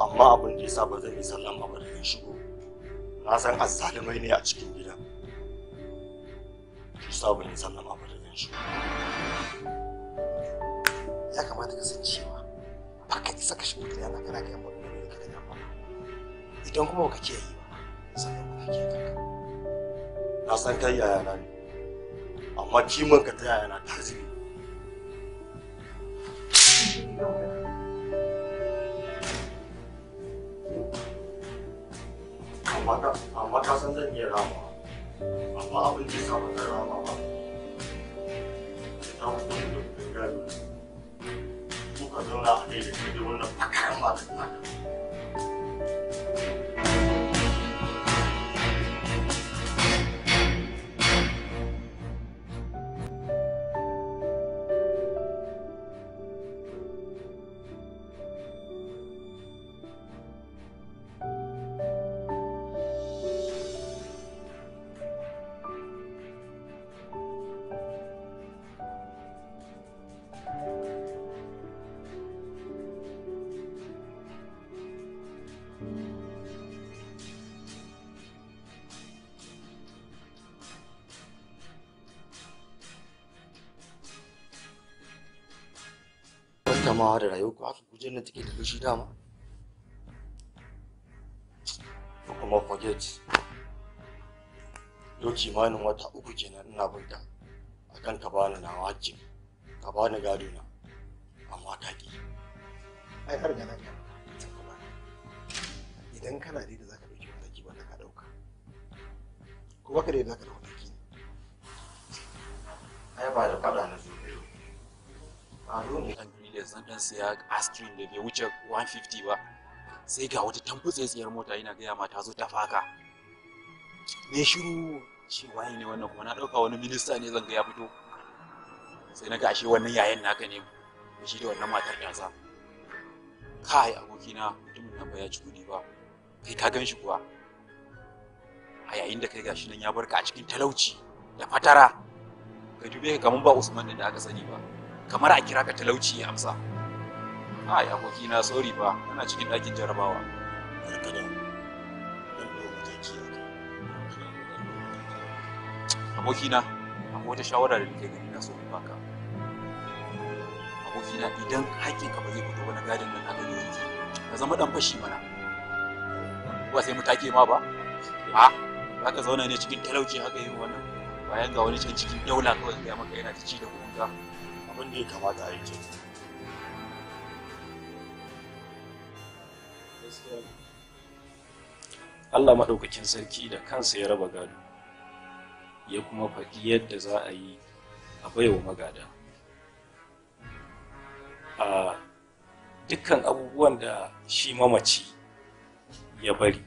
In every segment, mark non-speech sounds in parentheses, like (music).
amma abin da yasa ba zan yi sallama ba da shigo na san azzalumai ne a cikin gidan shi sa ban yi sallama ba shigo ya kamata ka san cewa ba ka isa ka shigo yana kana ga yan mutane da kake ba idan kuma ba ka ke yi ba sai ba ka ke kanka na san kai yaya na ne amma kimanka ta yaya na ta zube 阿妈阿妈，大声点念啦嘛！阿妈，阿分之三万在阿妈吧，阿妈，你都不应该乱讲，不可能拿你的钱对我们来发卡嘛的。da rayuwar ku haka kujerar da take da shi dama ko kuma forget yau kimanin wata uku kenan ina binta akan ka bani nawa hakkin ka bani gado na amma ta ki ai har ga nan idan kana da zaka dauki mataki ba ka dauka ko baka da zaka dauka mataki ai ba da kada na zuwa a dole yanzu dan siya astrin da bai wuce 150 ba sai ga wata tsiyar mota ina gaya ma ta zo ta faka ne shiru ce waye ne wannan kuma na ɗauka wani minista ne zan ga ya fito sai na ga ashe wannan yayan naka ne shi da wannan matar tasa kai abokina mutumin nan ba ya ci kuɗi ba kai ka gan shi kuwa a yayin da kai gashi nan ya bar ka a cikin talauci da fatara ka dube ka kamar ba Usman da aka sani ba kamar a kira ka talauci ya amsa a ya aboki na sorry fa ana cikin ɗakin jarabawa dan a aboki na akwai wata shawara da nake gani na so in baka aboki na idan hakkin ka ba zai fito ba na gadin nan aka yanki ka zama dan fashi mana ba sai mu take ma ba a haka zauna ne cikin talauci haka yi wannan bayan ga wani can cikin daula kawai ya maka yana ta ci da kuma abin da ya kamata a yi ke Allah maɗaukakin sarki da kansa ya raba gado ya kuma faɗi yadda za a yi a baiwa magada a dukkan abubuwan da shi mamaci ya bari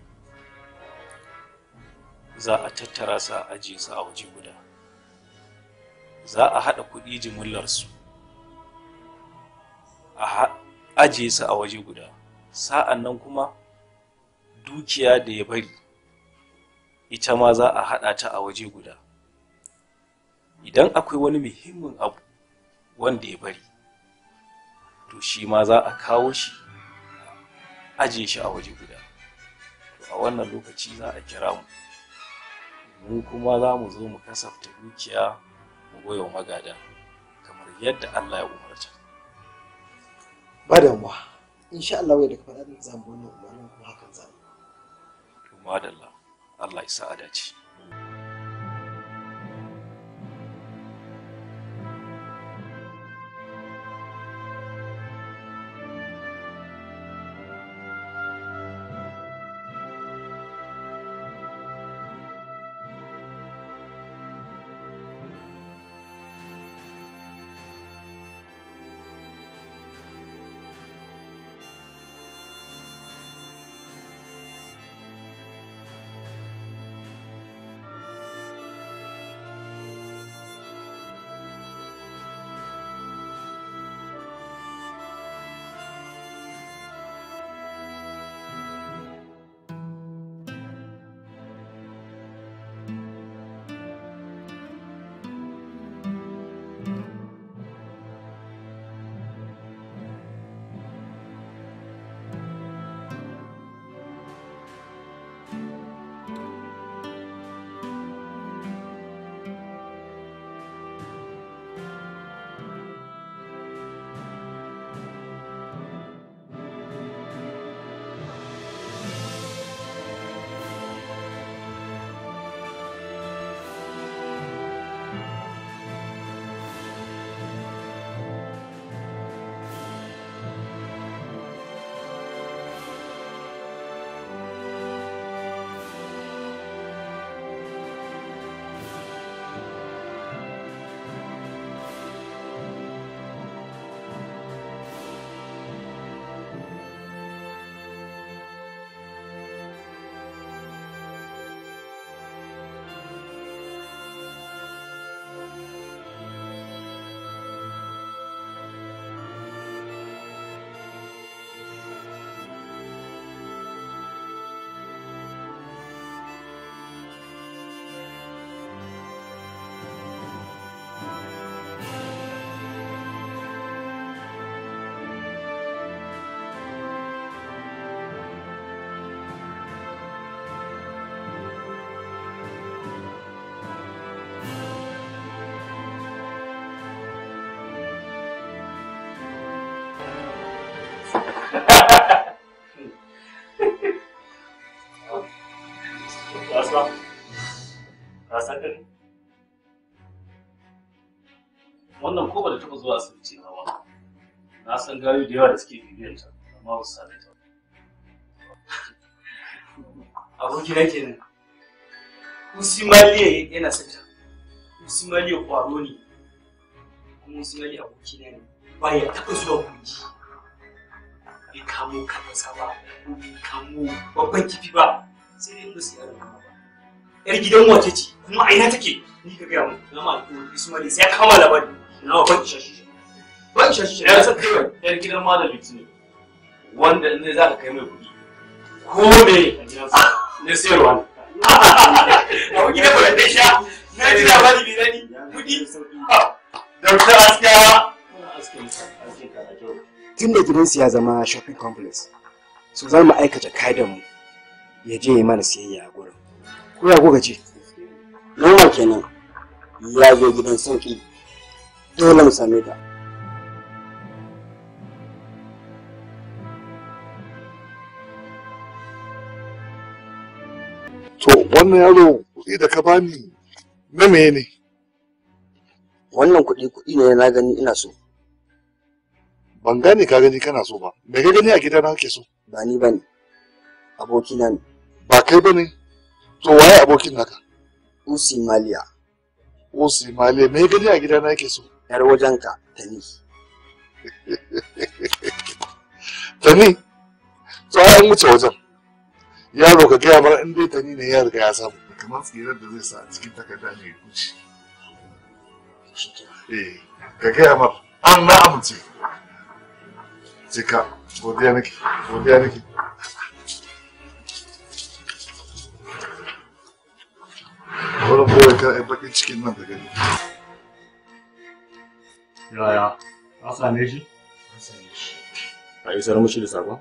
za a tattara sa a ajiye su a waje guda za a haɗa kuɗi jimillarsu a ajiye su a waje guda sa'an nan kuma dukiya da ya bari ita ma za a haɗa ta a waje guda idan akwai wani muhimmin abu wanda ya bari to shi ma za a kawo shi ajiye shi a waje guda to a wannan lokaci za a kira mu mu kuma za mu zo mu kasafta dukiya mu goyo magada kamar yadda Allah ya umarta ba in sha Allah wai daga faɗa za mu wannan umarnin kuma hakan za mu madalla Allah ya sa a dace wannan ko ba da taɓa zuwa asibiti ba na san gayu da yawa da suke bibiyar ta amma ba su same ta ke nan kusi usimaliya yana sata usimaliya kwaro ne kuma usimaliya aboki na ne ba ya taɓa zuwa kogi bai kamo kansa ba ko bai kamo babban kifi ba sai dai musu yaron kama ba yar gidan wace ce kuma a ina take ni ka gaya mu na ma alƙawari usimaliya sai ya kama labari nawa ban isa shi ban isa shi ya san kawai yar gidan malam litinin wanda ne za ka kai mai kuɗi ko me a gidansa na sayarwa ne (laughs) a gidan kuɗin da sha na ji labari mai daɗi kuɗi da wutar aska tun da gidansu ya zama shopping complex so za mu aikata kayan mu ya je yi mana siyayya a gurin ko ya goga ce nawa kenan ya zo gidan sauki dole mu same ta to wannan yaro kuɗi da ka bani na me ne wannan kuɗi kuɗi ne na gani ina so ban gane ka gani kana so ba me ka gani a gida na kake so ba ni bane aboki na ne ba kai bane to waye abokin naka usi maliya usi maliya me gani a gida na kake so yar wajenka tani (laughs) tani tsawon wuce wajen yaro ka gaya mara inda tani ne ya riga ya samu kamar tsirar da zai sa a cikin takarda ne ya wuce eh, ka gaya mara an na amince cika godiya nake godiya nake Agora vou entrar em paquete que não, gani. Yaya, ka same shi? Ka same shi. Ka isar mushi da sakon?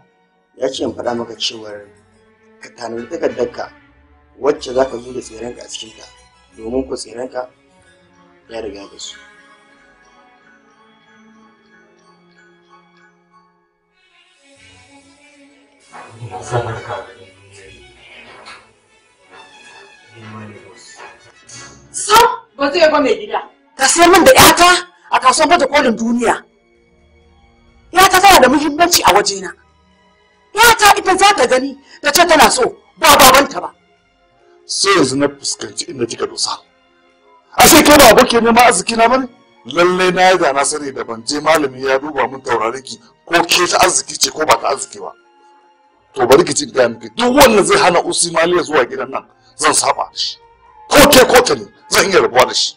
Ya ce in faɗa maka cewar ka tanadi takardarka wacce za ka zo da tserenka a cikinta domin ku tserenka ya riga da su. Sam, ba zai ba mai gida. Ka sai min da 'yata? kasuwar bata kolin duniya ya ta tana da muhimmanci a wajena ya ta ita za ta gani ta ce tana so ba babanta ba sai yanzu na fuskanci inda kika dosa sai ke ba ke neman arziki na bane lallai na yi da na sani da ban je malami ya duba mun taurari ki ko ke ta arziki ce ko ba ta arziki ba to bari ki ci gaya miki duk wannan zai hana usmani ya zuwa gidan nan zan saba da shi ko ke ko ta ne zan iya rabuwa da shi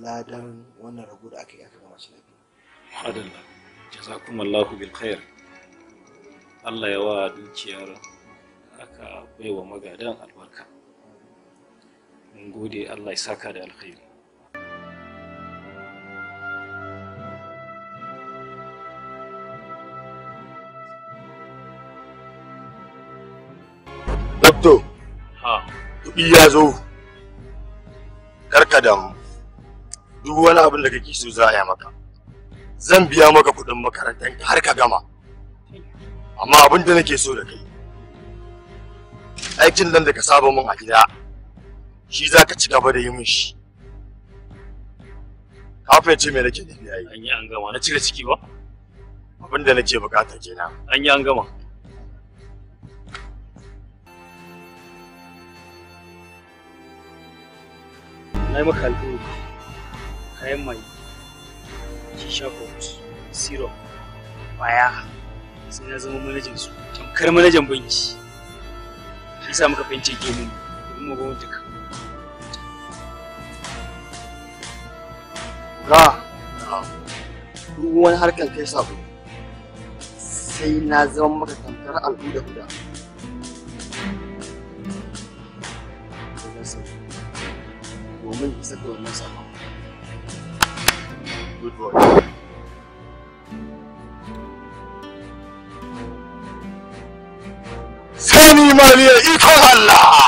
ladan wannan rago da aka yi aka gama shi lafiya. Adalla, jazakumallahu bil khair. Allah ya wa dukiyar aka baiwa magadan albarka. Mun gode Allah ya saka da alkhairi. Dokto, kuɗi ya zo, karka damu. duk wani abin da kake so za a yi maka zan biya maka kuɗin makarantar har ka gama amma abin da nake so da kai aikin nan da ka saba mun a gida shi za ka ci gaba da yi mun shi ka fahimci me nake nufi ai an yi an gama na cire ciki ba abin da nake bukata kenan an yi an gama na yi maka kayan mai shisha box syrup baya sai na zama manajan su tamkar manajan banki shi sa muka fahimce gemu. domin mu gwamnati ka ra ruwan harkan kai sabo sai na zama maka tamkar al'uda guda domin isa ga wannan sabon good voice. Seni maliye ilk Allah!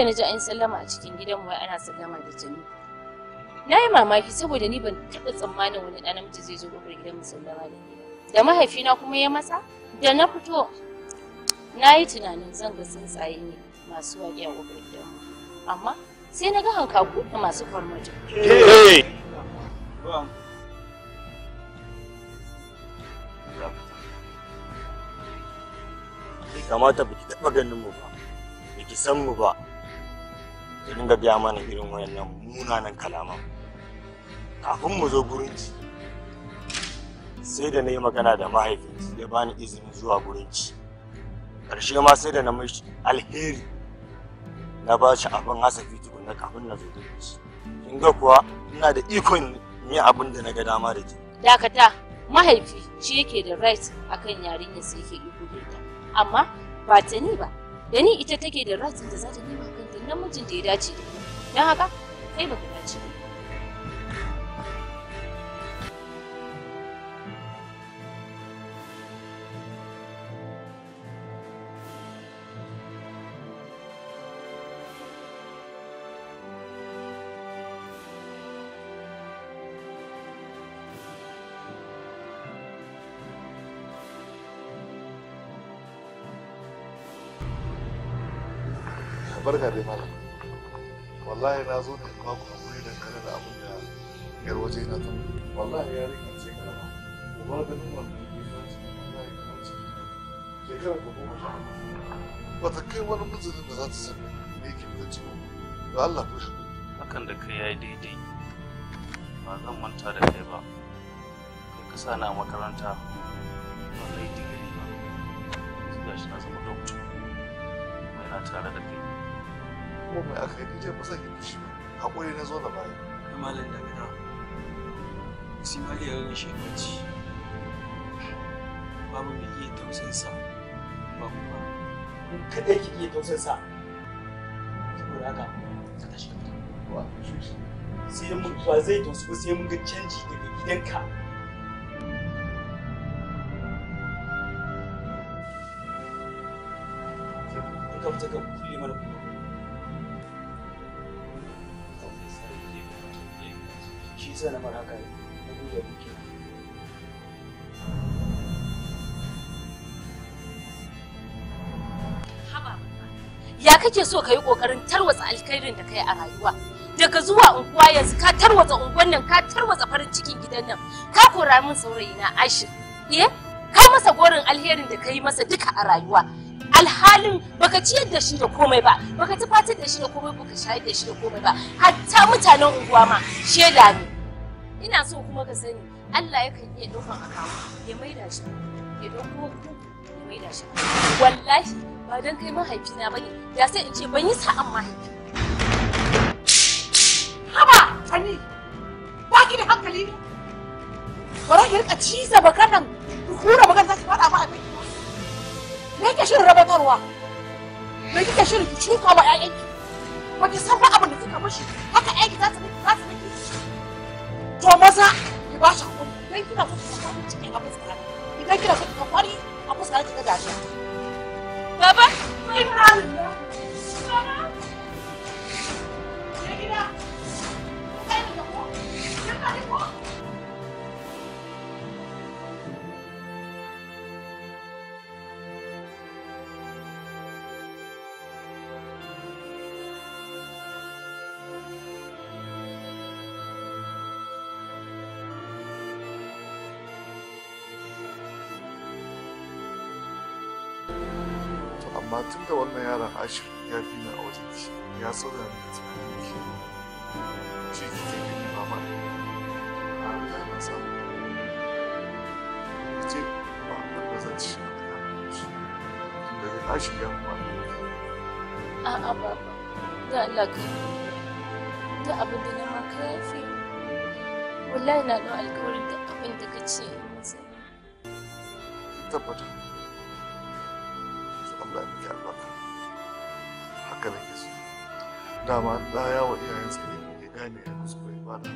da na ji an sallama a cikin gidanmu wai ana sallama da Jami. Na yi mamaki saboda ni ban taɓa tsammanin wani ɗan namiji zai zo gobar gidan mu sallama da ni. Da mahaifina kuma ya matsa, da na fito na yi tunanin zan ga tsuntsaye ne masu waƙe a gobar gidan mu. Amma sai na ga hankaku da masu farmaji. Bai kamata ba ki taɓa ganin mu ba. ki san mu ba ya dinga biya mana irin wayannan munanan kalaman kafin mu zo gurin ci sai da na yi magana da mahaifinki ya bani izinin zuwa gurin ci ƙarshe ma sai da na mashi alheri na ba shi abin hasafi tukunna kafin na zo gurin ci In ga kuwa ina da ikon yi abin da na ga dama da ke dakata mahaifi shi yake da right akan yarinyar sai yake iko da ita amma ba ta ni ba da ni ita take da right da za ta nema namijin da ya dace da don haka kai baka dace ba barka dai malam wallahi na zo ne ba ku hakuri da kare da abin da yar waje na ta wallahi ya rika ce karama ku bar ganin wannan ba ce wallahi kana ce shekara ta goma ba wata kai wani mutumin da za ta sani me yake da ciwo da Allah ku shi hakan da kai yayi daidai ba zan manta da kai ba kai ka sa na makaranta ba na digiri ba sai ga shi na zama doctor kuma yana tare da kai kuma mai aka yi jar ba sa ki fushi haƙuri na zo da baya. Malam Damina, Simali ya rage shekarci, mu mai iya tausayin sa, ba mu ba. In kaɗai ki iya tausayin sa, saboda haka ka tashi ka fita. Wa, shi Sai mun ba zai tausu ba sai mun ga canji daga gidanka. Come to come. na ya kake so kayi kokarin tarwatsa alkhairin da kai a rayuwa daga zuwa unguwa yanzu ka tarwatsa unguwan nan ka tarwatsa farin cikin gidan nan ka kora min saurayi na ashi eh ka masa gorin alherin da kai masa duka a rayuwa alhalin baka ciyar da shi da komai ba baka tufatar da shi da komai baka shayar da shi da komai ba hatta mutanen unguwa ma sheda ne ina so kuma ka sani Allah yakan iya ɗaukan akawu ya maida shi ya ɗauko ya maida shi wallahi ba don kai mahaifina ba ne ya sai in ce ban yi sa'an mahaifi haba ani ba ki da hankali ne za ki rika ciza bakan nan hura bakan za ki faɗa ma abin me kike shirin rabatarwa me kike shirin ki shuka ma ƴaƴanki ba ki san ba abin da kika mishi haka ƴaƴanki za su za su to maza ki ba shi hakuri idan kina so ki samu cikin abin tsara idan kina so ki ka kwari a fuska ki ga gashi baba kai halin baba ya gida kai da ko ya ka ko tun da wannan yaron ashir ya fi ni a wajen ci ya sauya miki tunanin ki ke kike gani ba ma a riga na samu ce ba a ba zan ci da zai ashir ya kuma a ba da Allah ka da abin da na maka fi wallahi na nan alkawarin da abin da ka ce zai tabbata Allah ya miki so dama da yawo iyayensa ne ya gane ya kuskure ba da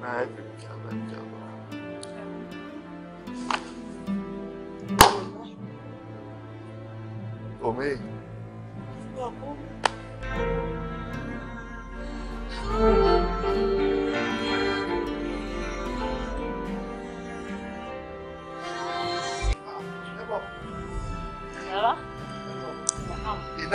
na haife miki Allah ya miki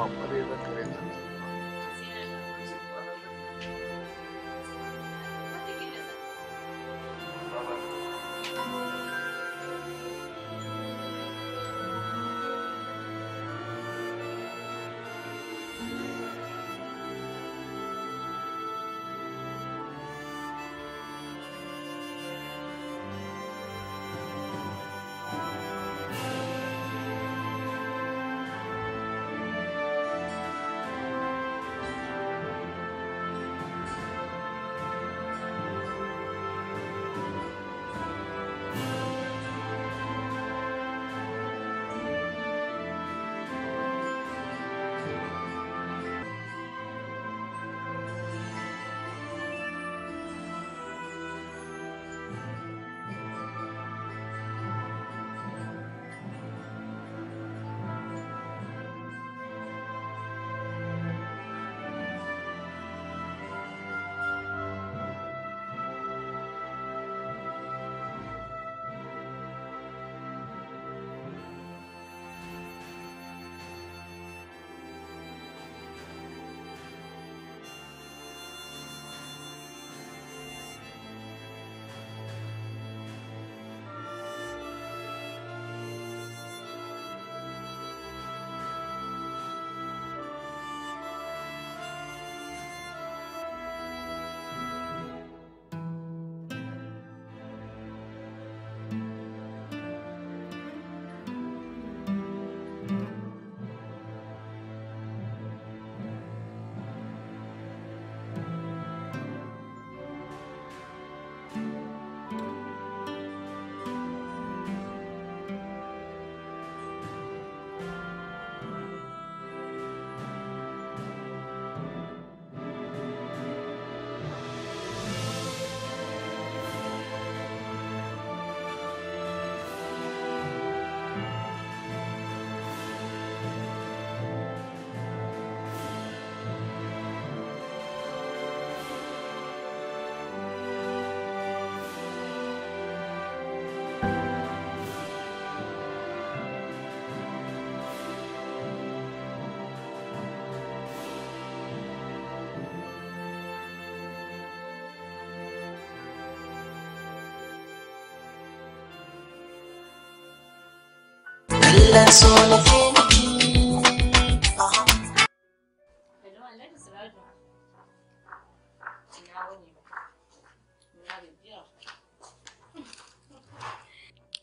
मम रेव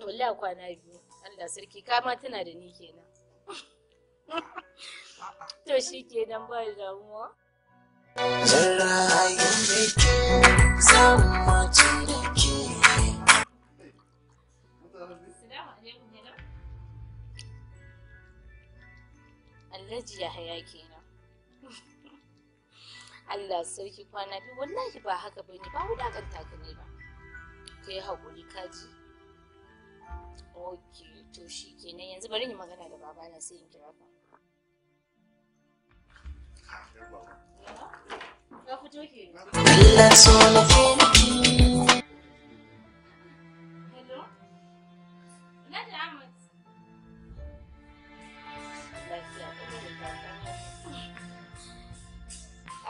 Wallahi kwana biyu, Allah sarki, kama tana da ni kenan. To shi kenan ba damuwa. Zan rayu mai kyau, Alhaji haya kenan. (laughs) Allah sarki kwana biyu wallahi ba haka bane ba kan ka ne ba. Kai hakuri kaji. Ok to shi kenan yanzu bari ni magana da na sai in kira ka. fito Allah so na Hello.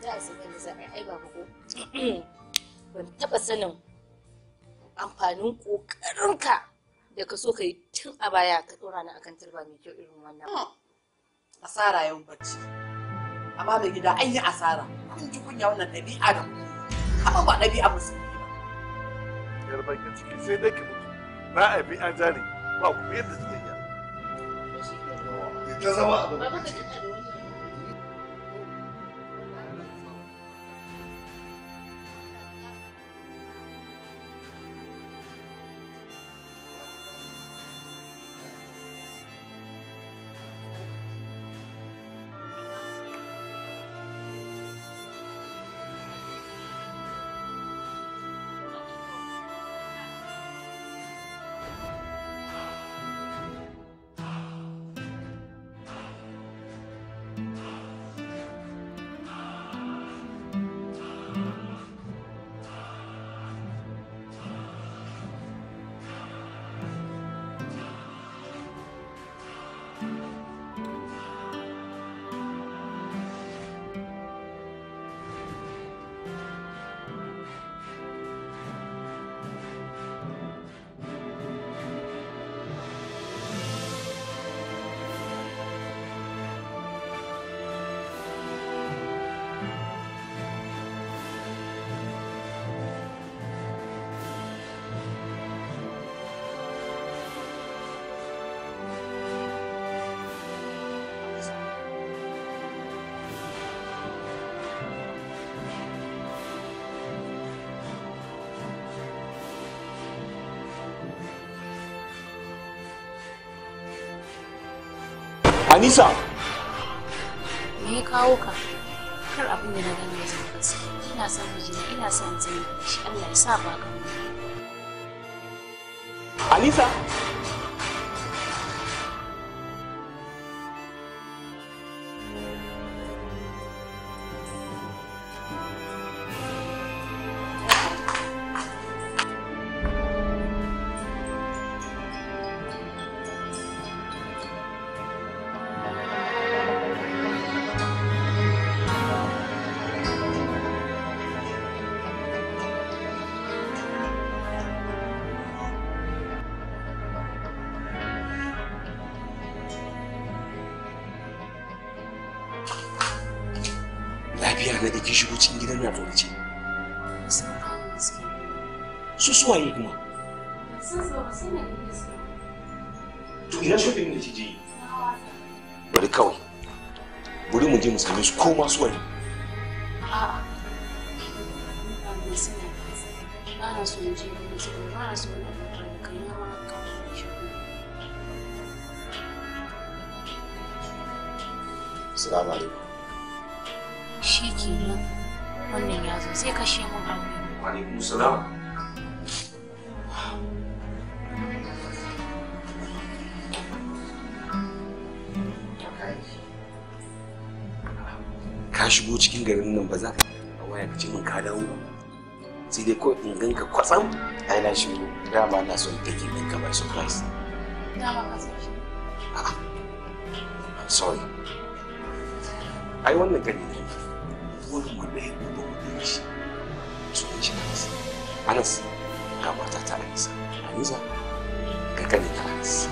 za a san yadda za a yi ai baba ko (clears throat) ban taɓa sanin amfanin ƙoƙarinka da ka so ka yi tun a baya ka ɗora ni akan turba mai kyau irin wannan. Hmm. Asara yau bacci. Amma mai gida an yi asara. Kun ji kunya wannan ɗabi'a da kuma. Amma ba ɗabi'a musulmi ba. Yar bakin ciki sai dai ki mutu. Na aibi an jani ba ku yadda zai yi. Ta zama a gaba. Anisa! Me ya kawo ka? Kar abin da na gani ya zama kansa. Ina son mijina, ina son in shi Allah ya sa ba ka. Anisa! uwa so mu su ba na so na fara da shi Assalamu shi kenan kashe alaikum salam shigo cikin garin nan ba za ka a waya ka ci min ka dawo ba sai dai ko in ganka kwatsam ai na shigo dama na son take ka by surprise dama ka san shi sorry ai wannan gari ne wani mu ɗaya ko ba mu ɗaya shi ne shi Anas Anas ga matata Anisa Anisa ga kanin Anas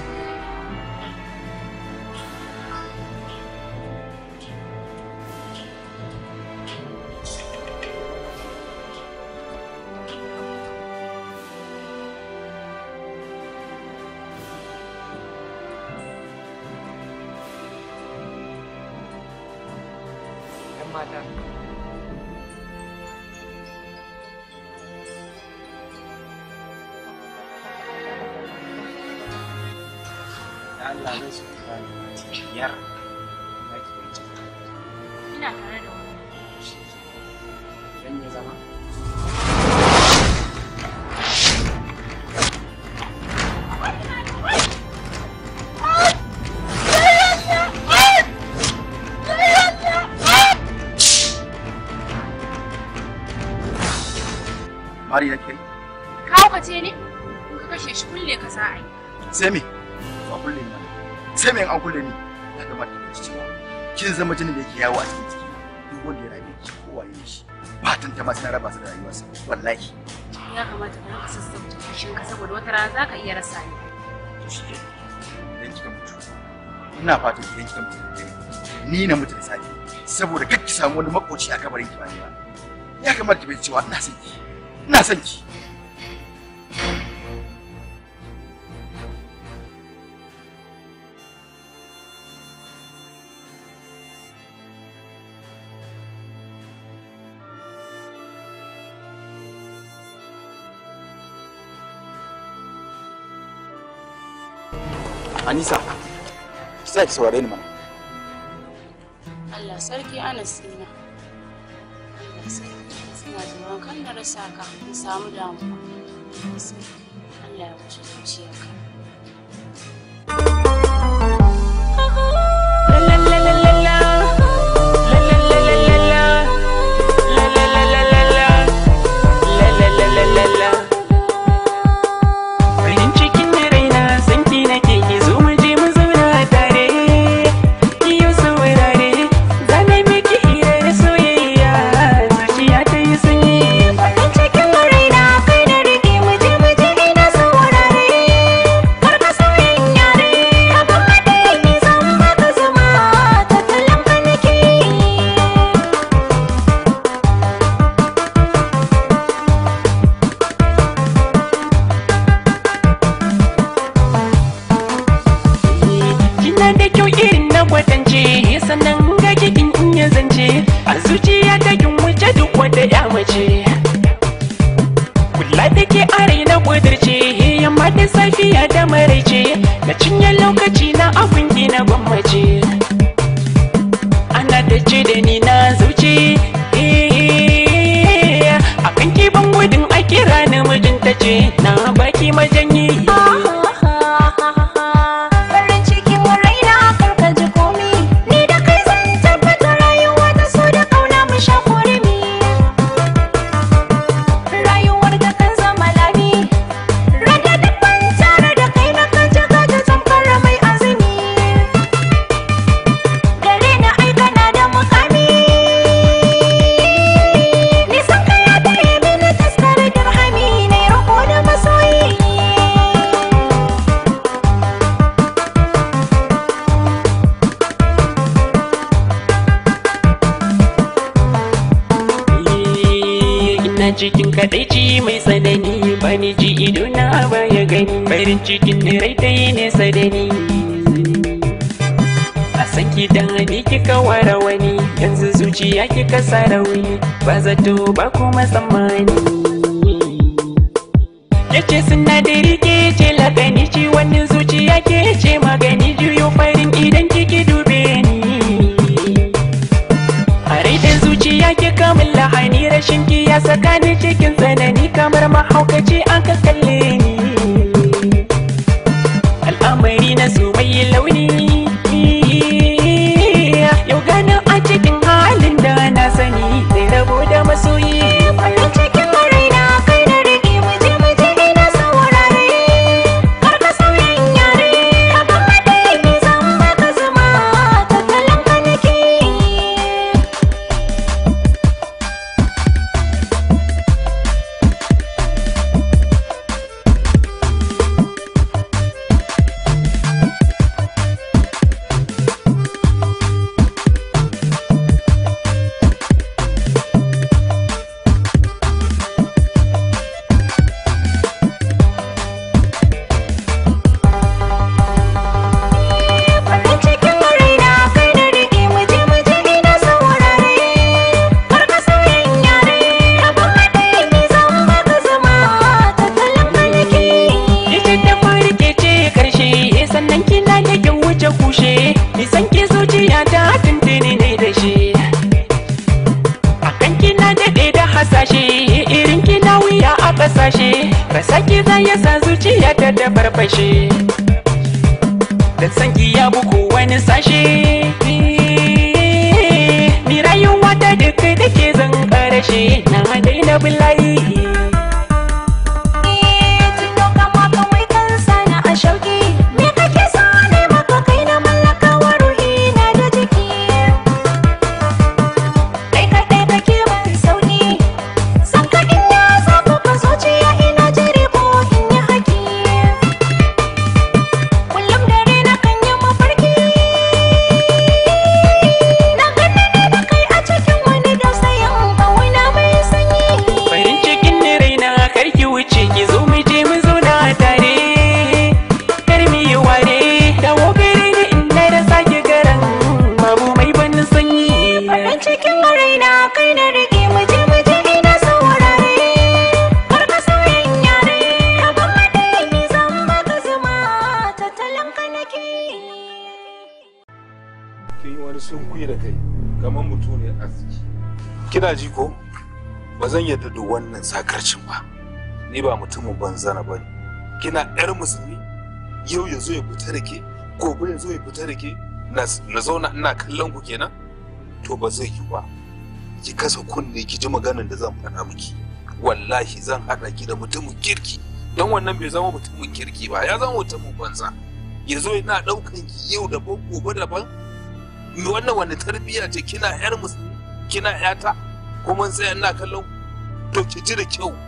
ita ma sun raba su da rayuwarsa wallahi ya kamata ka rinka sassauta fushin ka saboda wata rana zaka iya rasa ni to shi idan kika mutu ina fatan ki kika mutu ni na mutu da sani saboda kar ki samu wani makoci a kabarin ki ba ya kamata ki bi cewa ina son ki ina son ki Anisa, ki tsaya ki saurare ni mana. Allah sarki Anas ina. Allah sarki. Ina tsoron kan da rasa ka samu damuwa. Allah ya wuce zuciyarka. zana ba ne kina yar musulmi yau ya zo ya fita da ke gobe ya zo ya fita da ke na zauna ina kallon ku kenan to ba zai yi ba ki kasa kunne ki ji maganar da zan faɗa miki wallahi zan haɗa ki da mutumin kirki don wannan bai zama mutumin kirki ba ya zama mutumin banza ya zo yana ɗaukan ki yau ban gobe daban wannan wani tarbiyya ce kina yar musulmi kina yata kuma sai ina kallon to ki ji da kyau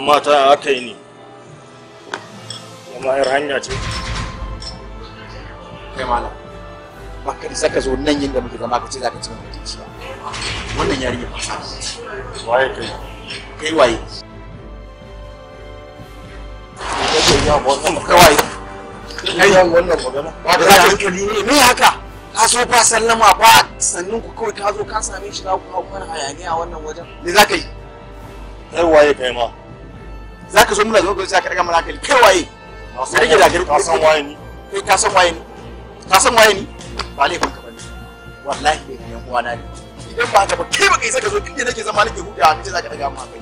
mata aka yi ne mahayar hanya ce kai malam ba ka isa ka zo nan yin da muke zama ka ce za ka ci mutum ciya wannan yarinya ba sa waye kai kai waye kai waye kai wannan magana ba da za ka yi ne haka ka so ba sallama ba sannan ku kawai ka zo ka same shi na ku hau mana hayaniya wannan wajen me za ka yi kai waye kai ma za ka zo muna zo za ka daga mana kai waye ka rage da gari ka san waye ni kai ka san waye ni ka san waye ni ba laifin ka bane wallahi bai yan na ne idan ba ka ba kai ba kai sai ka zo inda nake zama nake hutawa kace za ka daga mana kai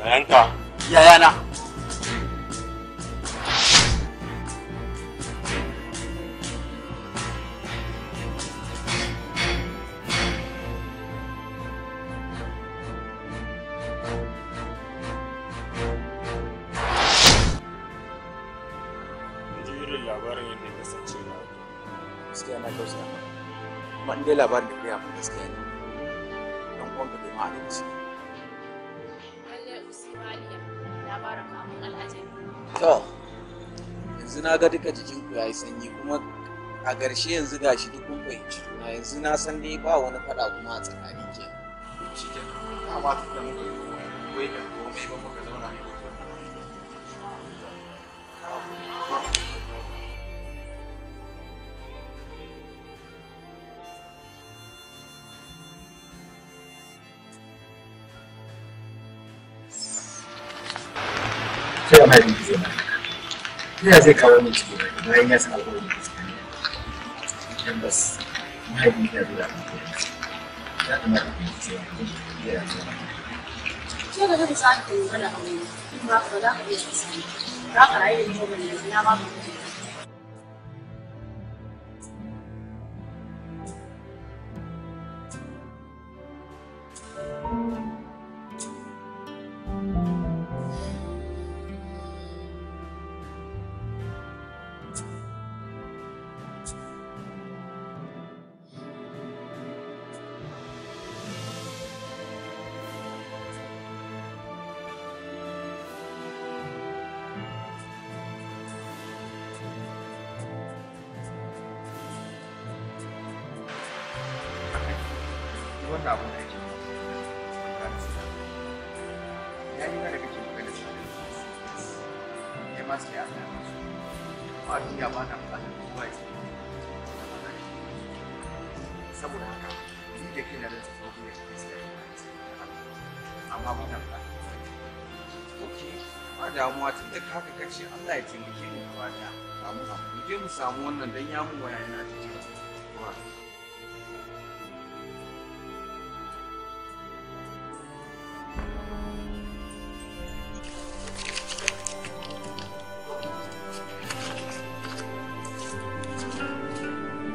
yayanka yayana dai labarin da gaya gaskiya ne don kuma to yanzu na ga duka jikin ku yayi sanyi kuma a garshe yanzu gashi duk fahimci juna yanzu na san dai ba wani faɗa kuma a tsakanin ke shi ke kama ta da ya koyi da komai ba ta yana da ke na ta yana zai kawo min ciki bayan ya samu wani yan bas ya zuwa ya kamata ku yi cewa ya yi zuwa ce zai sa ka yi wani abu ba ka ba za ka iya sosai za ka rayu da mutum da ba wannan abin da kake ya yi da kake ya ma sai a kan ma duniya ba na bukatar kowa saboda haka ni da kai na da tsoron da kake sai amma ba na ok ba damuwa tun da ka kace Allah ya taimake mu gaba daya mu je mu samu wannan dan ya mu wayana ce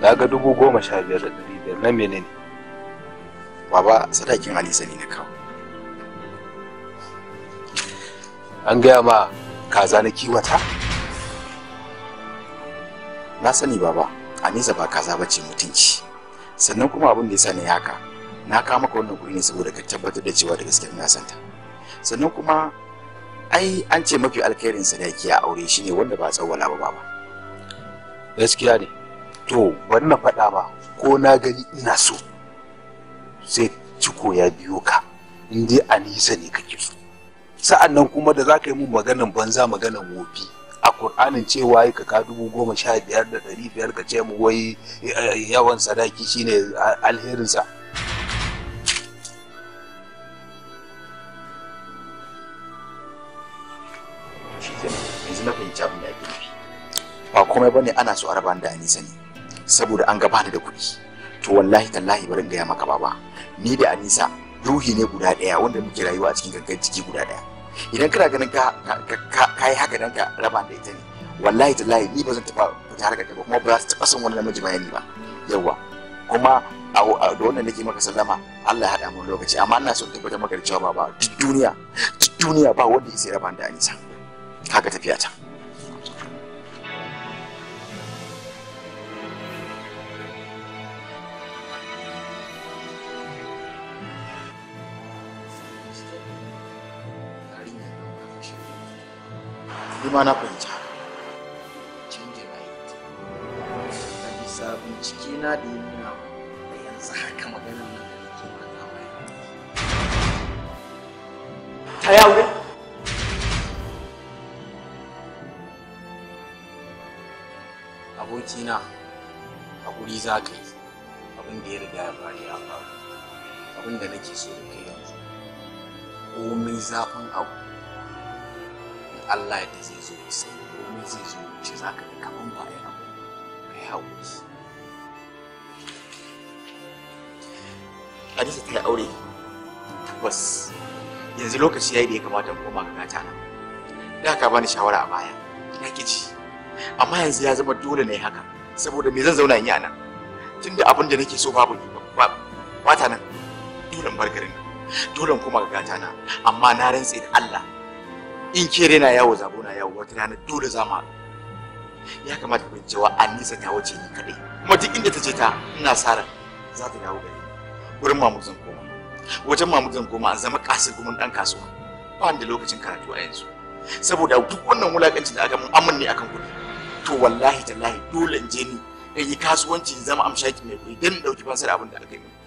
kaga dubu goma sha biyar da ɗari biyar na ne. baba sadakin ali sani na kawo an gaya ma kaza na kiwata na sani baba aniza ba kaza ba mutunci sannan kuma abin da ya sani haka na kama maka wannan kuɗi ne saboda ka tabbatar da cewa da gaske ina santa sannan kuma ai an ce mafi alkhairin sadaki a aure shine wanda ba tsawwala ba baba gaskiya ne to wannan faɗa ma ko na gani ina so sai ciko ya biyo ka in dai a nisa ne kake so sa'an nan kuma da za ka yi mun maganan banza maganan wofi a kur'anin cewa yi ka dubu goma sha biyar da ɗari biyar ka ce mu wai eh, yawan sadaki shine alherinsa Ba komai ba ne ana so araba da anisa ne saboda an gabata da kuɗi to wallahi tallahi barin gaya maka ba, ni da anisa ruhi ne guda ɗaya wanda muke rayuwa a cikin gangan ciki guda ɗaya idan kana ganin ka ka yi haka dan ka raba da ita ne wallahi tallahi ni ba zan taɓa fita harkar ka ba kuma ba za su taɓa son wani namiji bayani ba yawa kuma da wannan nake maka sallama Allah ya haɗa mu lokaci amma ina son tabbatar maka da cewa baba duk duniya duk duniya ba wanda ya sai raba da anisa haka tafiya ta. ni ma na fahimci na yi ta. na bisa bincike na da ya nuna da yanzu haka maganar nan da nake mata bayan ta yi aure abokina a guri za ka yi abin da ya riga ya faru ya faru abin da nake so da kai yanzu komai zafin abu Allah yadda zai zo ya sai komai zai zo ce za ka ga kaman ba ya abu kai haƙuri Adisa ta yi aure tabbas yanzu lokaci ya yi da ya kamata ko ma ga gata na da ka bani shawara a baya na kici amma yanzu ya zama dole ne haka saboda me zan zauna in yi a nan tunda abin da nake so babu ba ta nan dole in bar garin dole in koma ga gata na amma na rantse da Allah in ke rena yawo zabo na yawo wata rana dole za mu ya kamata ku cewa Anisa ta wuce ni kadai kuma duk inda ta je ta ina sara za ta dawo gari gurin mamu zan koma wajen mamu zan koma an zama kasir gumin dan kasuwa ba da lokacin karatu a yanzu saboda duk wannan wulakancin da aka mun ne akan kuɗi to wallahi tallahi dole in je ni in yi kasuwanci zama amshaki mai kuɗi dan dauki fansar abin da aka yi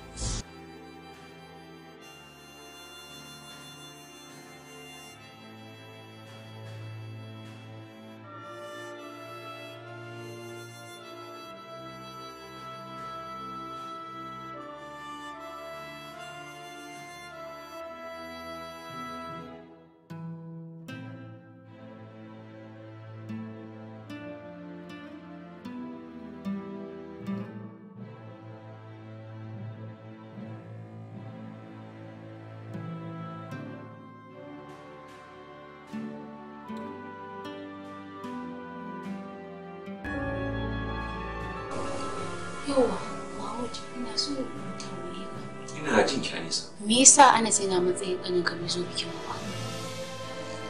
yasa ana yana matsayin ƙanin ka bai zo bikin ba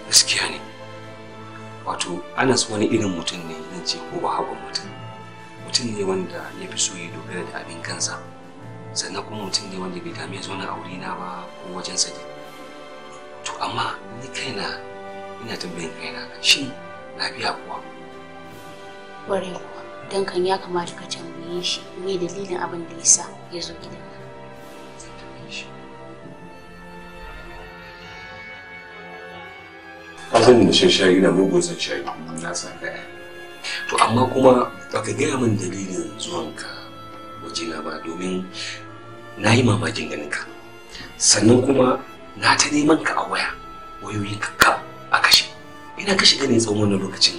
gaskiya ne wato anas wani irin mutum ne zan ce ko ba hagun mutum mutum ne wanda ya fi so ya dogara da abin kansa sannan kuma mutum ne wanda bai dame zo na aure na ba ko wajen sa to amma ni kaina ina tambayin kaina shin lafiya kuwa kwarai kuwa dan ya kamata ka tambaye shi me dalilin abin da yasa ya zo gidan ka san da shan shayi na mugun san shayi na san ka to amma kuma baka gaya min dalilin zuwanka wajena ba domin na yi mamakin ganin ka sannan kuma na ta neman ka a waya wayoyin ka kaf a kashe ina kashe ganin tsawon wannan lokacin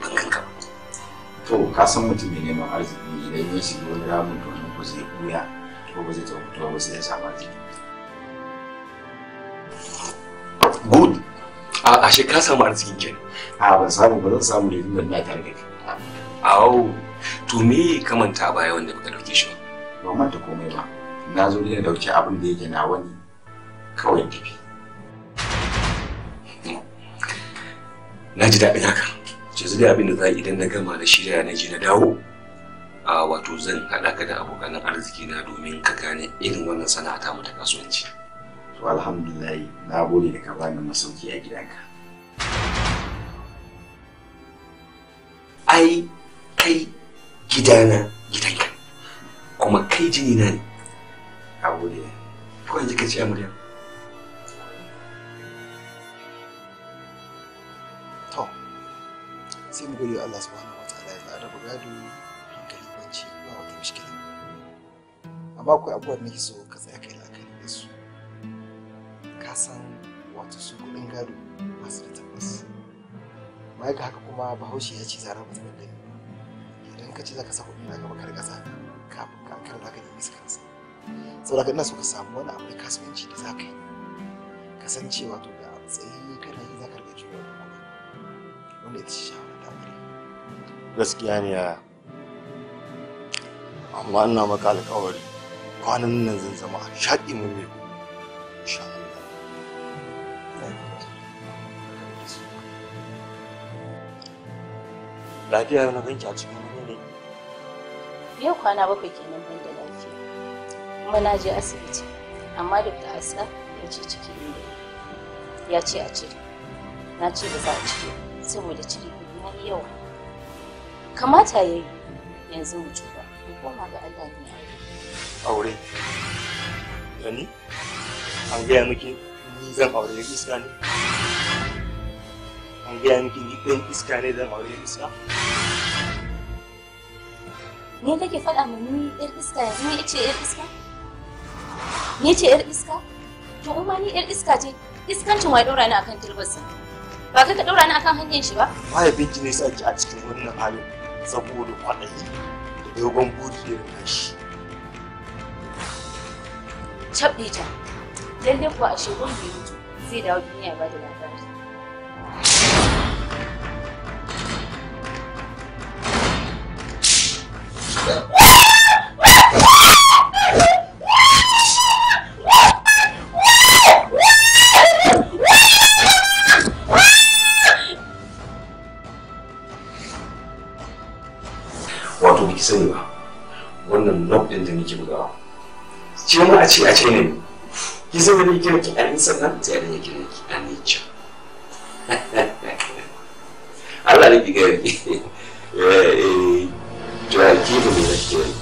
ban ganka ba to ka san mutum mai neman arziki idan ya shiga wani ramin to wannan ko zai buya ko ba zai taɓa fitowa ba sai ya samu arziki a ashe ka samu arzikin kenan a ban samu ba zan samu ne tunda na tare da ke awo to me ka manta baya wanda baka dauke shi ba manta komai ba na zo ne dauke abin da yake na wani kawai tafi na ji daɗin haka yanzu dai abin da za idan na gama na shirya na ji na dawo a wato zan haɗa ka da abokanan arziki na domin ka gane irin wannan sana'a ta mu ta kasuwanci to alhamdulillah na gode da ka bani masauki a gidanka ai kai gidana gidanka kuma kai jini na ne a gode ko yanzu ka ce amurya to sai mu gode Allah subhanahu wataala ya tsara gado hankali kwanci ba wata mishkila amma akwai abubuwan da nake so san wato su kuɗin gado masu da tabbas ma ga haka kuma bahaushe ya ce zara mutum da da idan ka ce za ka sa kuɗi na gaba kar ƙasa kafin ka kar za ka nemi sa kansa saboda ina so ka samu wani abu da kasuwanci da za ka yi kasance wato da tsayi kana yi za ka rage juna da kuma. wanda ita ce shawara ta bari gaskiya ne yaya amma ina maka alƙawari kwanan nan zan zama a shaɗi mun ne insha lafiya yau na ganki a cikin wani ne yau kwana bakwai kenan ban da lafiya kuma na je asibiti amma duk da asa ya ce ciki ne ya ce a cire na ce ba za a cire saboda cire na yi yawa kamata ya yi yanzu mu tuba mu koma ga allah ne aure da ni an gaya miki ni zan aure iska ne an gaya miki ni ɗan iska ne da mawuyin iska me kake faɗa ma ni yar iska yanzu ni ce yar iska ni ce yar iska to umma ni yar iska ce iskancin wai ɗora ni akan tilbarsa ba kai ka ɗora ni akan hanyar shi ba ba ya binki ne saki a cikin wannan halin saboda kwaɗayi da dogon buri da rika shi cabɗe ta lallai kuwa a shekun bai mutu zai dawo duniya ba da wato biki sani ba wannan nok din da nake bugawa shi wani a ce a ce ne ki sani ne kira ki an sannan sai a dinga kira ki an ni ci Allah ne ki ga ki يجيبوا من الاشكال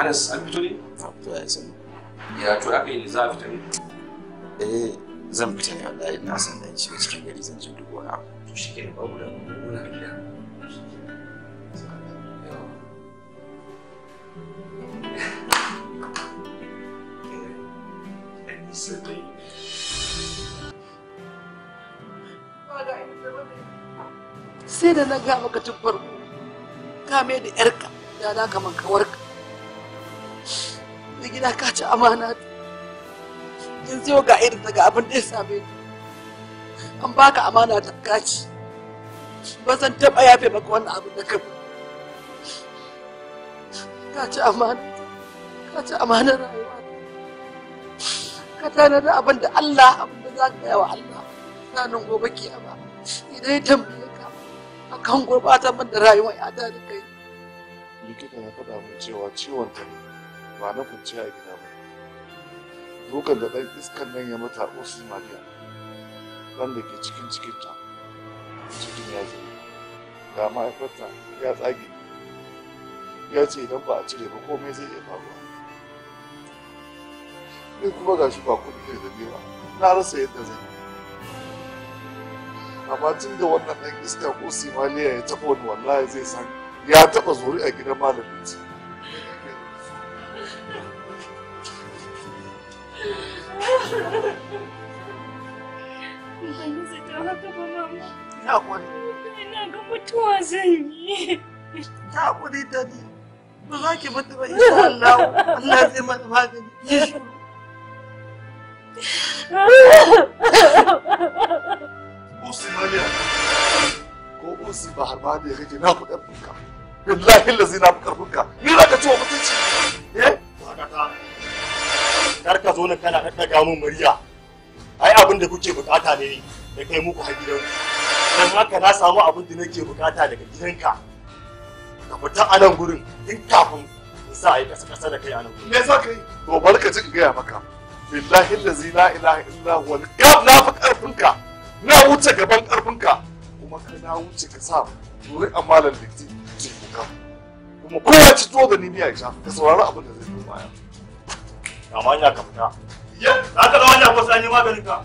Anas, an fito ne? Fito ya sani. Ya to aka yi ne za a fita ne? Eh, zan fita. da na ga maka tun farko ka mai da yarka da na kaman warka. da gida ka ci amana ta yanzu yau ga irin daga abin da ya same ni an baka amana ta kaci ba zan taɓa yafe maka wannan abin da ka bi ka ci amana ka ci amana rayuwa ka tanada abin da Allah abin da za ka yi wa Allah sanin gobe kiyama idan ya tambaye kan gurbata min da rayuwar yata da kai likita ya faɗa min cewa ciwon ta ne ba na kwanciya a gida ba dukan da ɗan iskan nan ya mata osi mariya ɗan da ke cikin cikinta cikin ya zai ga ma'aikarta ya tsage ya ce idan ba a cire ba komai zai iya faruwa ni kuma shi ba kuɗi da ba na rasa yadda zai yi amma tun da wannan ɗan iska ko simaliya ya taɓa wani wallahi zai san ya taɓa zuri a gidan malamin ci Ina ga mutuwa zan yi. Ya da ni. Ba za ki mutu ba insha Allah. Allah zai mana magani. ha (laughs) (laughs) ha Osmaniya ko osi ba harba da ya gaje na fi ƙarfinka billahi lazi na fi ƙarfinka ni za ka ci wa mutunci eh kar ka zo nan kana ɗaɗɗaga min murya ai abin da kuke bukata ne da kai muku har gidan dan haka na samu abin da nake bukata daga gidanka ka fita a nan gurin in kafin in sa a yi kasa kasa da kai a nan gurin me za ka yi to barka ji in gaya maka billahi lazi la ilaha illa huwa na fi ƙarfinka na wuce gaban ƙarfinka kuma kai na wuce ka sa turi a malam dikti ce kuka kuma kowa ci tuwo da ni biya isha ka saurari abin da zai zo baya. Amma ya ka fita. Yau, za ka zama ya kusa an yi maganin ka.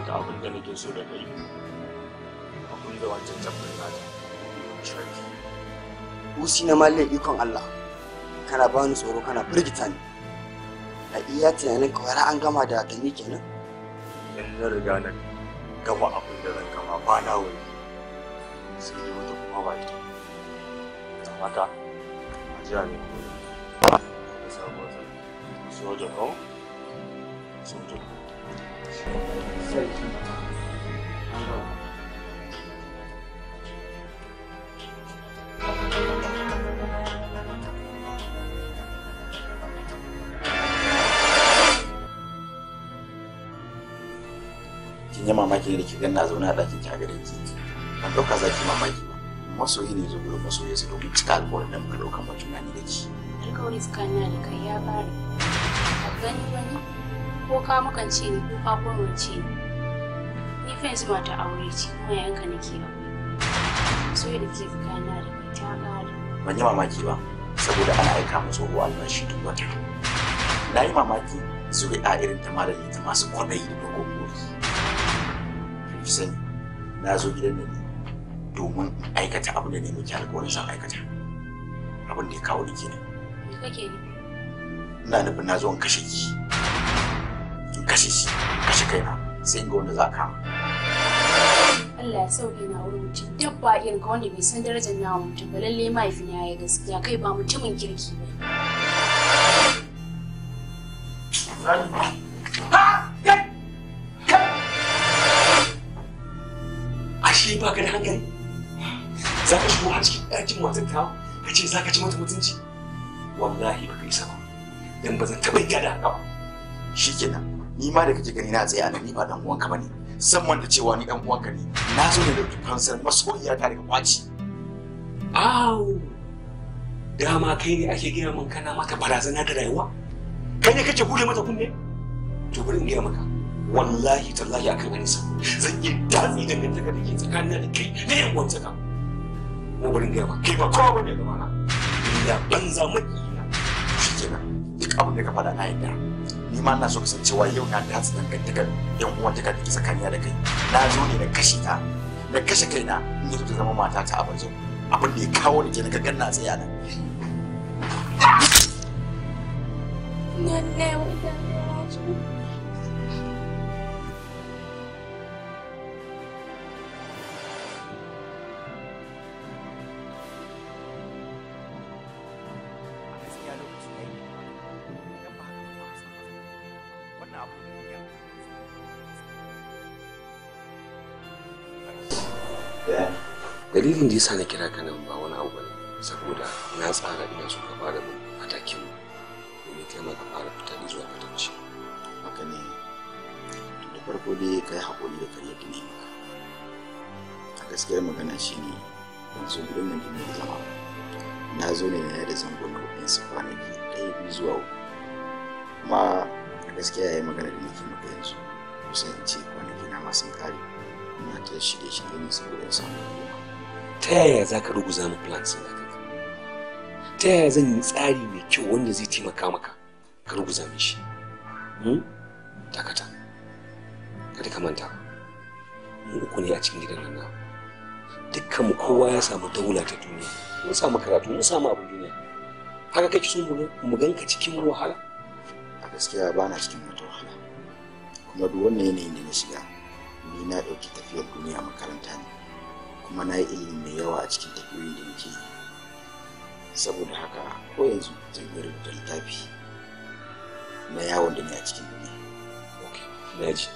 baka abin da nake so da kai a da wancan jabbar nata shaki usi na malle ikon Allah kana bani tsoro kana firgita ni a iya tunanin kawai an gama da gani kenan in na riga na gaba abin da zan gama ba na wuri sai da wata kuma ba ita ta mata a jiya ne kuma da sabuwar da kawai soto sarki kin yi mamaki da ki ganna zaune a ɗakin ki a gidan ki ban ɗauka za ki mamaki ba masoyi ne zo gurin masoyi su domin cika alƙawarin da muka ɗauka mutum na ni da ki alƙawari tsakanin da kai ya ƙare a gani wani ko ka makance ne ko ka kurmace ne ni fa yanzu ta aure ce kuma yayanka nake aure so da ke tsakana da mai ta gari ban yi mamaki ba saboda ana aika mu tsoho albashi duk wata na yi mamaki zuri'a irin ta malami ta masu kwanayi da gogori sani na zo gidan nan domin aikata abin da ne muke alƙawarin zan aikata abin da ya kawo ni kenan me kake ni ina nufin na zo in kashe ki kashe shi kashe kaina sai in ga wanda za ka Allah ya sauke na wurin mutum dabba irin ka wanda bai san darajar na mutum ba lalle mahaifin ya yi gaskiya kai ba mutumin kirki ba Ashe ba ka da hankali? Za ka shigo a cikin ɗakin matar ta ka ce za ka ci mata mutunci? Wallahi ba ka isa ba, don ba zan taɓa yi da haka ba. Shi kenan, ni ma da kake gani na tsaye a ni ba dan uwanka bane san man da cewa ni dan uwanka ne na zo ne da fansar masoyiya ta daga kwaci aw dama kai ne ake gina min kana mata barazana da rayuwa kai ne kake hure mata kunne to bari in gina maka wallahi tallahi akan sa zan yi datsi da kanta da ke tsakanin da kai ne yan uwan tsaka mu bari in gina maka kai ba kowa bane gaba na ina banza maki na shi kenan duk abin da ka faɗa na yadda ni ma ina so ka san cewa yau na datsa dangantakar yan uwan da kake tsakaniya da kai na zo ne na kashe ta na kashe kaina in yi ta zama mata ta abin zo abin da ya kawo ni ke na gagan na tsaya nan ya dalilin da yasa na kira ka nan ba wani abu bane saboda na tsara ina so ka fara mun matakin domin kai ma ka fara fita da zuwa fatauci haka ne to da farko dai kai hakuri da kare ki ne a gaskiyar magana ne yanzu gidan nan da zama na zo ne na da zangon kuɗin su kwanaki ɗaya biyu zuwa kuma a gaskiya ya yi magana da nake maka yanzu kusan ce kwanaki na masu kare ina ta shirye-shirye ne saboda samun kuma ta yaya za ka ruguza min plans na ka? ta yaya zan yi tsari mai kyau wanda zai taimaka maka ka ruguza min shi hmm? dakata kada ka manta mu uku ne a cikin gidan nan dukkan dukkanmu kowa ya samu daula ta duniya mun samu karatu mun samu abin duniya haka kake so mu ganka cikin wahala a gaskiya ba na cikin wata wahala kuma duk wannan yanayin da na shiga ni na ɗauki tafiyar duniya makaranta ne kuma na yi ilimi mai yawa a cikin tafiyoyin da muke yi saboda haka ko yanzu zan da rubuta littafi na yawon da ni a cikin duniya ok na ji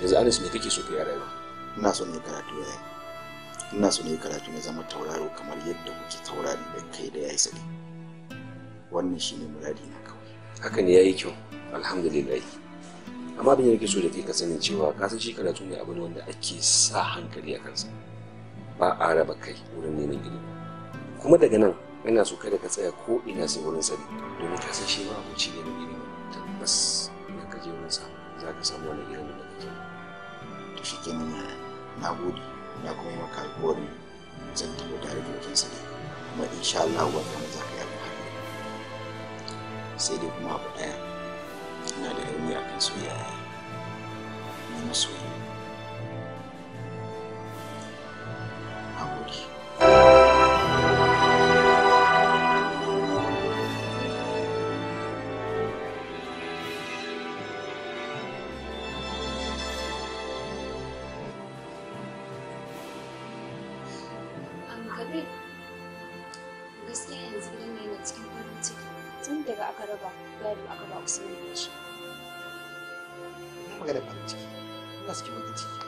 yanzu alis me kake so ka yi a rayuwa ina so ne karatu yayi ina so ne karatu na zama tauraro kamar yadda kuke taurari da kai da yayi sani wannan shi ne muradi na kawai haka ne yayi kyau alhamdulillah amma abin da nake so da kai ka sani cewa ka san shi karatu ne abin wanda ake sa hankali a kansa ba a raba kai wurin neman ilimi kuma daga nan ina so kada ka tsaya ko ina sai wurin sani domin ka san shi ma abuci ne na ilimi tabbas na je wurin sa za ka samu wani irin da kake to shi kenan eh, na gode na kuma yi maka alƙawarin zan tabo tare da wajen sani kuma insha Allah wannan za ka yi alfahari sai dai kuma abu ɗaya ina da ilimi akan soyayya na masoyi haƙuri gaskiya yanzu cikin tun daga aka raba gado aka ba da shi magana farin ciki gaskiya farin ciki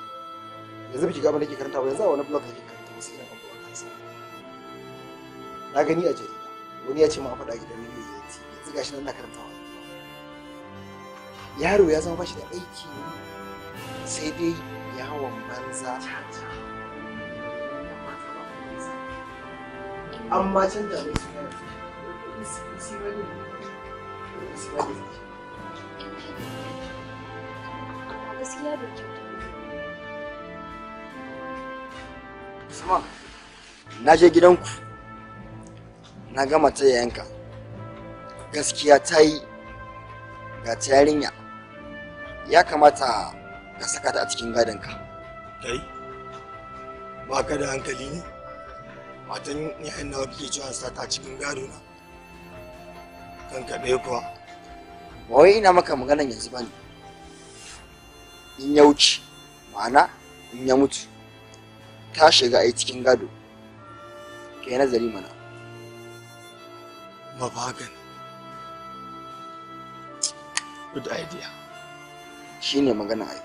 yanzu biki ga abin da ke karanta ba yanzu a wani blog da ke sai na faɗo kansa na gani a jarida wani ya ce ma faɗa gidan rediyo ya ci yanzu gashi nan na karanta yaro ya zama bashi da aiki sai dai yawon banza amma can Usman, na je gidanku, na gama ta yanka. Gaskiya ta yi ga ta yarinya, ya kamata ka saka ta a cikin gadonka. Kai, ba ka da hankali ne? Matan yayin nawa kike cewa sa ta cikin gado na? Kanka ɗaya kuwa. Ba wai ina maka maganan yanzu ba ne. In ya wuce, ma'ana in ya mutu. ta shiga ai cikin gado kai nazari mana mabagan good idea shine magana ai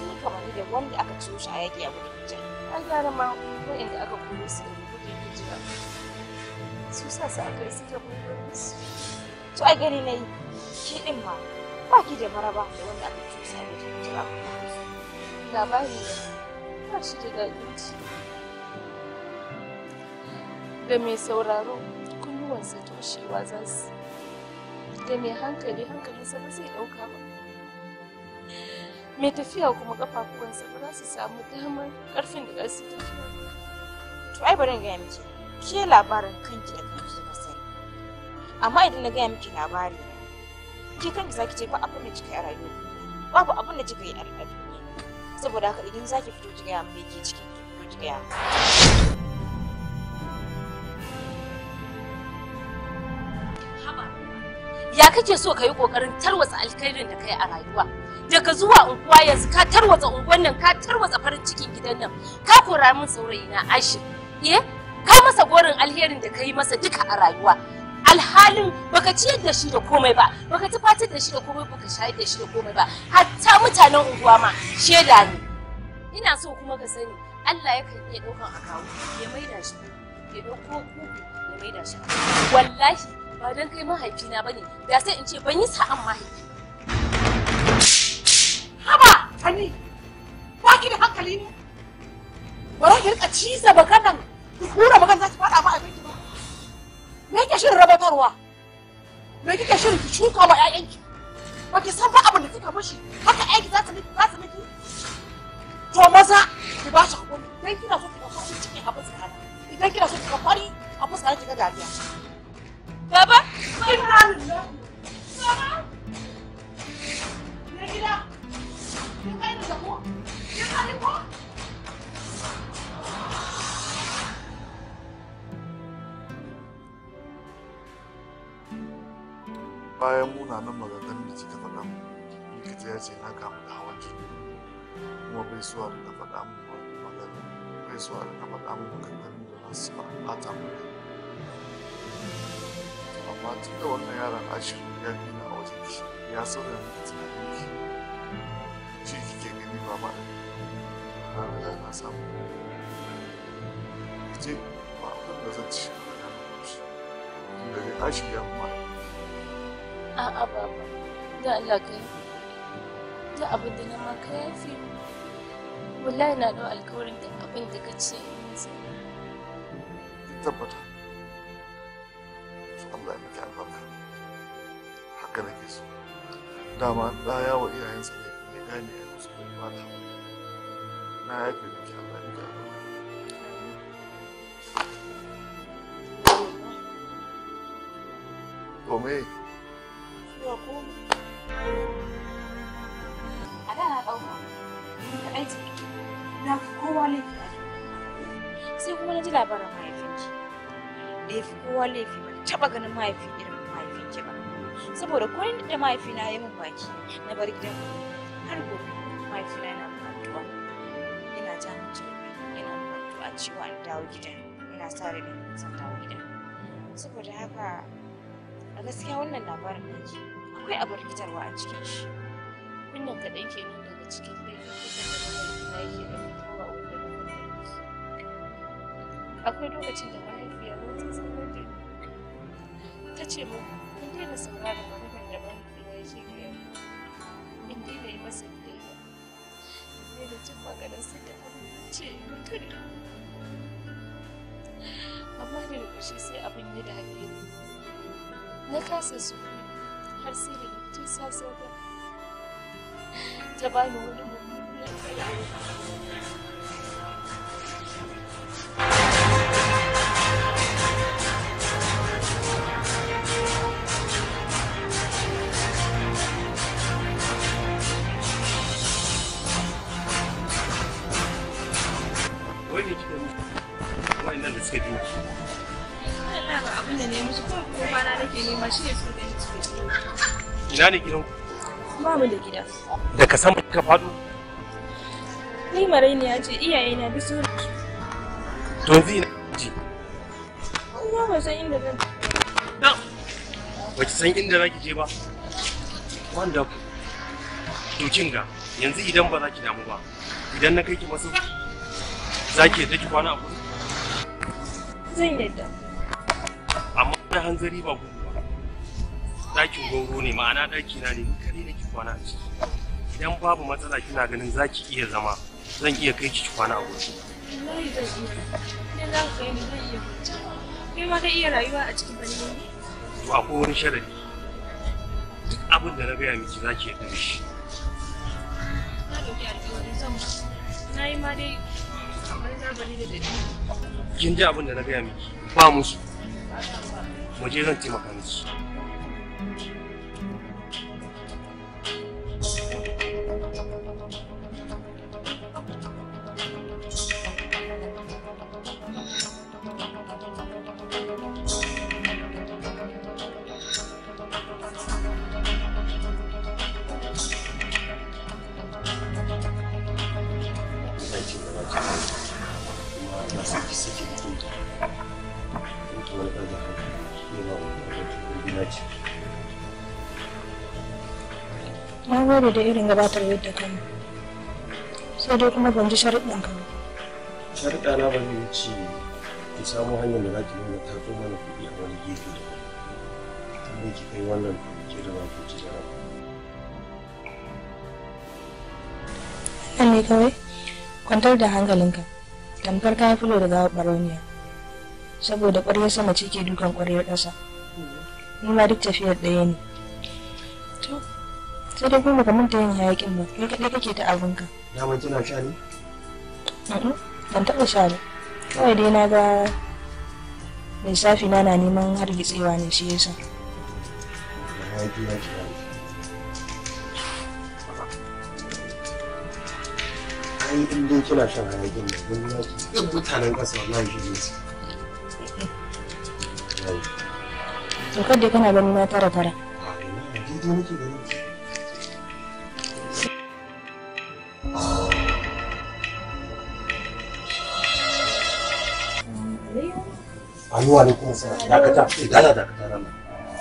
shi ne kamar da wanda aka ciro shi a yaƙi a gudun hijira an gyara ma waɗanda aka kuma su daga gudun hijira su sa su aka yi suke kuma su to a gani na yi ke ɗin ma ba ki da maraba da wanda aka ciro shi a gudun hijira labari ba shi da daɗin ci da mai sauraro wasu toshewa za su da mai hankali hankali ba zai ɗauka ba mai tafiya kuma kafafuwansa ba za su samu damar karfin da za su tafiya to ai bari in gaya miki ke labarin kanki da kanki ba sani amma idan na gaya miki labari ke kanki zaki ce ba abin da kika yi a rayuwa babu abin da kika yi a rayuwa saboda haka idan zaki fito ki gaya min ke cikin ki fito ki gaya min ya kake so ka yi kokarin tarwatsa alkhairin da kai a rayuwa daga zuwa unguwa yanzu ka tarwatsa unguwan nan ka tarwatsa farin cikin gidan nan ka kora min saurayi na ashir eh ka masa gorin alherin da ka yi masa duka a rayuwa alhalin baka ci da shi da komai ba baka tufatar da shi da komai baka shayar da shi da komai ba hatta mutanen unguwa ma sheda ne ina so kuma ka sani Allah ya kan iya ɗaukan akawu ya maida shi ya ɗauko ku ya maida shi wallahi ba don kai mahaifina ba ne da sai in ce ban yi sa'an mahaifi. Haba, Hani, ba ki da hankali ne? Ba za ki rika ciza maganan, ki kura magan za ki faɗa mahaifinki ba. Me kike shirin rabatarwa? Me kike shirin ki shuka wa 'ya'yanki? Ba ki san ba abin da kika mashi, haka 'ya'yanki za su miki, za su miki. To maza, ki ba shi hakuri, idan kina so ki ɗauka shi cikin abin tsakana, idan kina so ki ɗauka fari, abin tsakana ki ga dariya. Baba! bayan munanan maganganun da kika faɗa mu likita ya ce na kamu da hawan jini kuma bai so a rika faɗa mu bai so da rika faɗa mu maganganun da za su ɓata mu amma tun da wannan yaron ashirin ya nuna na wajen shi ya so da ni tunanin ki shi kike gani ba ma na riga na samu ce ba abin da zan ci ba na shi da ya ashiru ya ma a'a baba da Allah ka yi da abin da na ma ka fi wallahi na da alkawarin da abin da ka ce yanzu tabbata Allah ya miki albarka haka nake so dama ɗa yawa iyayensa ne ya gane ya kuskure mata na yafe miki Allah ya miki albarka to me a da na ɗauka da ce na kowa laifi sai kuma na ji labarin mahaifinki da ya fi kowa laifi ba. taba ganin mahaifi irin mahaifin ki ba saboda ko da mahaifi na yi min baki na bar gidan har gobe mahaifi na yana addu'a ina ja mutum yana addu'a cewa in dawo gida ina sa rai zan dawo gida saboda haka a gaskiya wannan labarin naki akwai abar fitarwa a cikin shi wannan ke kenan daga cikin laifukan da mahaifi na yake da mutuwa wanda ya akwai lokacin da mahaifiyar wata ce mu in daina sauraron maganar da mahaifi ya yake gaya mu in daina yi masa yi in daina jin maganar sa da ce in kada amma daga ƙarshe sai abin ya dame ni na kasa su har sai da mutum sasauta ta bani wani mummunan kalama ina ne gidan ku ba mu da gida da ka san ka faɗo? ni marainiya ce iyaye na bi sura to yanzu ina ji kuma ba san inda zan da ba ki san inda zaki je ba wanda ku to ga? yanzu idan ba za ki damu ba idan na kai ki masu za ki yadda ki kwana a gurin zan yadda amma da hanzari ba ku goro ne ma'ana ɗaki na ne kare nake kwana a ciki idan babu matsala kina ganin za ki iya zama zan iya kai ki kwana a waje. Wallahi da shi idan za ka kai ni zan iya kwanci. Kai ma ka iya rayuwa a cikin birni. To akwai wani sharadi. Duk abin da na gaya miki zaki yi yarda da shi. Na ɗauki alƙawari zan ba. Na yi ma dai kamar zarbani da daɗi. Kin ji abin da na gaya miki ba musu. Mu je zan taimaka miki. saboda irin gabatar yadda ka sai dai kuma ban ji sharuɗin ka sharuɗa na ban ci ki samu hanyar da za ki nuna ta zo mana kuɗi a wani gefe da kuma ki kai wannan ke da ba ku ci jarabawa Nan ne kawai kwantar da hankalinka tamkar kayan filo daga gawar baroniya saboda ƙwaryar sama ce ke dukan ƙwaryar ƙasa ni ma duk tafiyar ɗaya ne to sai dai kuma ka manta yin yaƙin ba kai kaɗai kake da abinka. na mai kina sha ne? ban taɓa sha ba kawai dai na ga safi na na neman hargitsewa ne shi yasa. ai in dai kina shan hayakin da wani ya duk mutanen ƙasa wallahi shi ne to kada kana ganin na tara tara. a ina a daidai nake ganin Anuwa ne kuma sana dakata idana dakata rana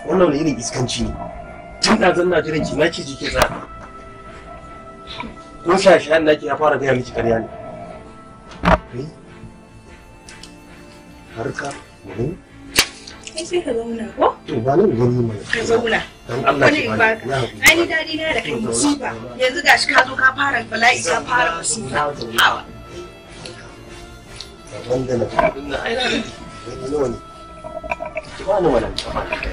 wannan wani irin iskanci ne tun da zan na jiran ki na ce jike tsaya ko shashayan naki ya fara gaya miki karya ne kai harka mu sai ka zauna ko? To ba nan gani mai. Ka zauna. Dan Allah ki bani. Ai ni dadi na da kai musiba. Yanzu gashi ka zo ka fara bala'i ka fara musiba. Hawa. Wanda na. Ai na kai ne ni mana kafa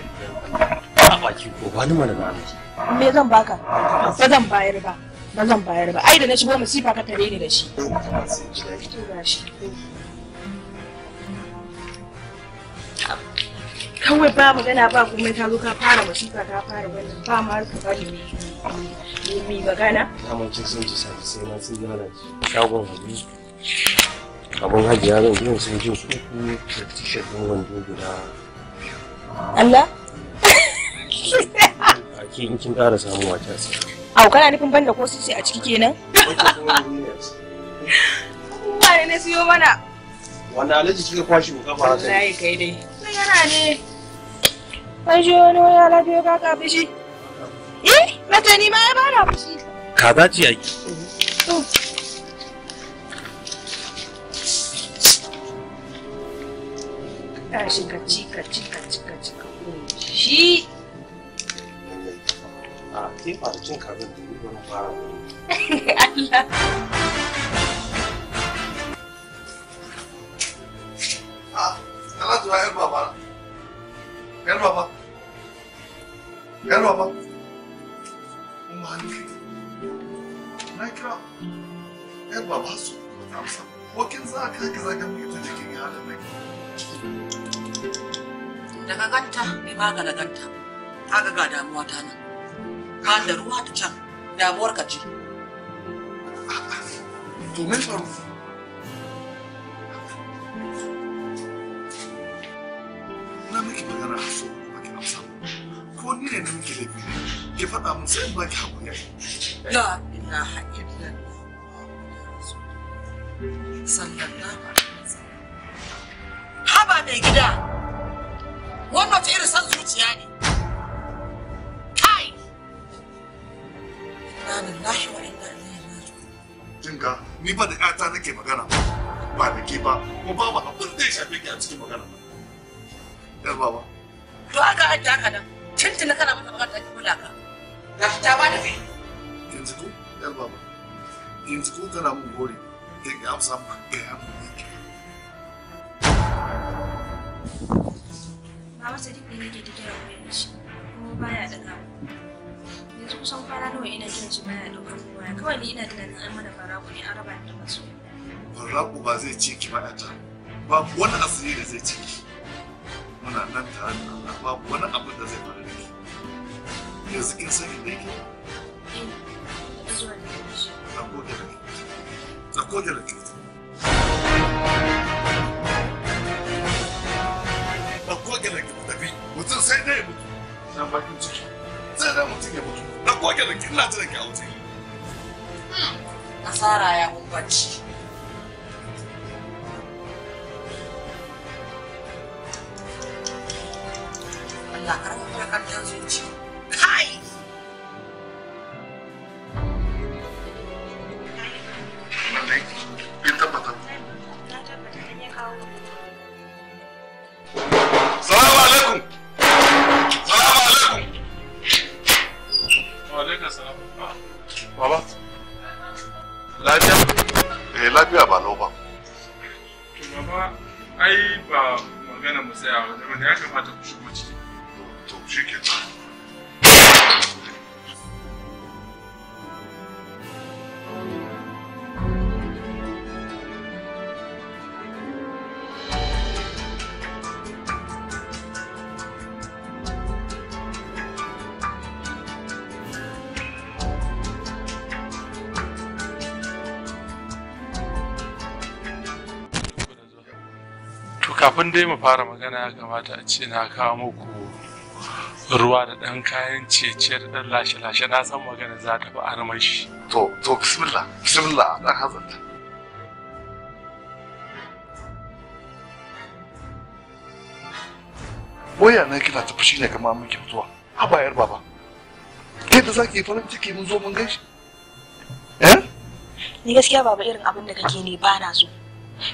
a baki ko ba ni mana ba me zan baka ba zan bayar ba ba zan bayar ba ai da na shigo masifa ka tare ni da shi kawai ba magana ba kuma ta zo ka fara masifa ta fara wannan ba ma ka ba ni mi magana na mun kin sun ji sai na sun ji mana shagon gobe abun ya zai yin sai jin su uku da t-shirt ɗin wando guda Allah (laughs) ake in kin ƙara samu wata sai au kana nufin banda ko su sai a ciki kenan ba ne na siyo mana wanda alaji kika kwashi mu kafa haka wallahi kai dai sai yana ne kan shi wani wani alaji ya ka fushi. eh mata ni ma ya bana fushi. kaza ce aiki haɗa shi ka ci ka ci shi a ke fara cin (laughs) wani daga ganta bai magana ganta kaga ga damuwa ta nan ka da ruwa ta can damuwar ka ce to me faru na miki magana a so ba ki amsa ko ni ne na miki laifi ki faɗa mun sai ba ki haƙuri la ilaha illallah sallallahu alaihi mai gida wannan ta irin san zuciya ne kai Ina lillahi wa inna ilaihi raji'un jinka ni ba da ƴata nake magana ba da ke ba ko babu abin da ya shafe ki a cikin magana yar baba to aka ajiye haka nan tuntuna kana mata magana ta kula ka ga ta ba da kai yanzu ko yar baba yanzu ko tana mun gore ga amsa ga amsa Baba Sadiq ne nake ta kira wayar shi kuma baya daga yanzu kusan kwana nawa ina kiran shi baya daukar waya kawai ni ina tunanin an mana baraku ne an raba da masu. Baraku ba zai ci ki ba ta babu wani asiri da zai ci ki muna nan tare da Allah babu wani abu da zai faru da ki yanzu kin san inda yake? Eh, zuwa da shi. Na gode da ki. Na gode da ki. sai dai mutu na bakin ciki sai ya mutu na da kin lati da hmm, ya Allah zuci kai kafin dai mu fara magana ya kamata a ce na kawo muku ruwa da ɗan kayan ciye-ciye da ɗan lashe-lashe na san magana za ta fi armashi. To, to, bismillah, bismillah, ɗan hazarta. Boya na kina ta fushi ne kamar muke fitowa, a bayar baba. Kai da zaki farin ciki mun zo mun gaishe. Eh? Ni gaskiya baba irin abin da kake ne ba na so.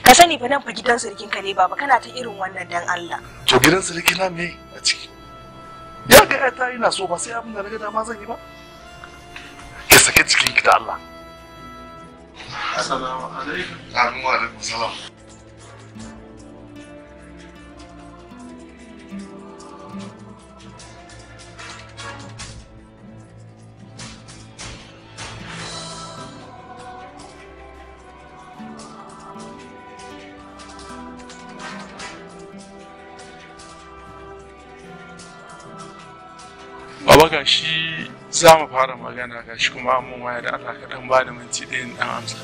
ka sani fa nan fa gidan sirkin ka ne baba kana ta irin wannan dan Allah to gidan sirkin na me a ciki ya ga ta ina so ba sai abin da naga dama zan yi ba ki sake cikin da Allah assalamu alaikum wa alaikum salam shi za mu fara magana ga shi kuma mun waya da Allah kaɗan ba da minti ɗaya ɗan amsa.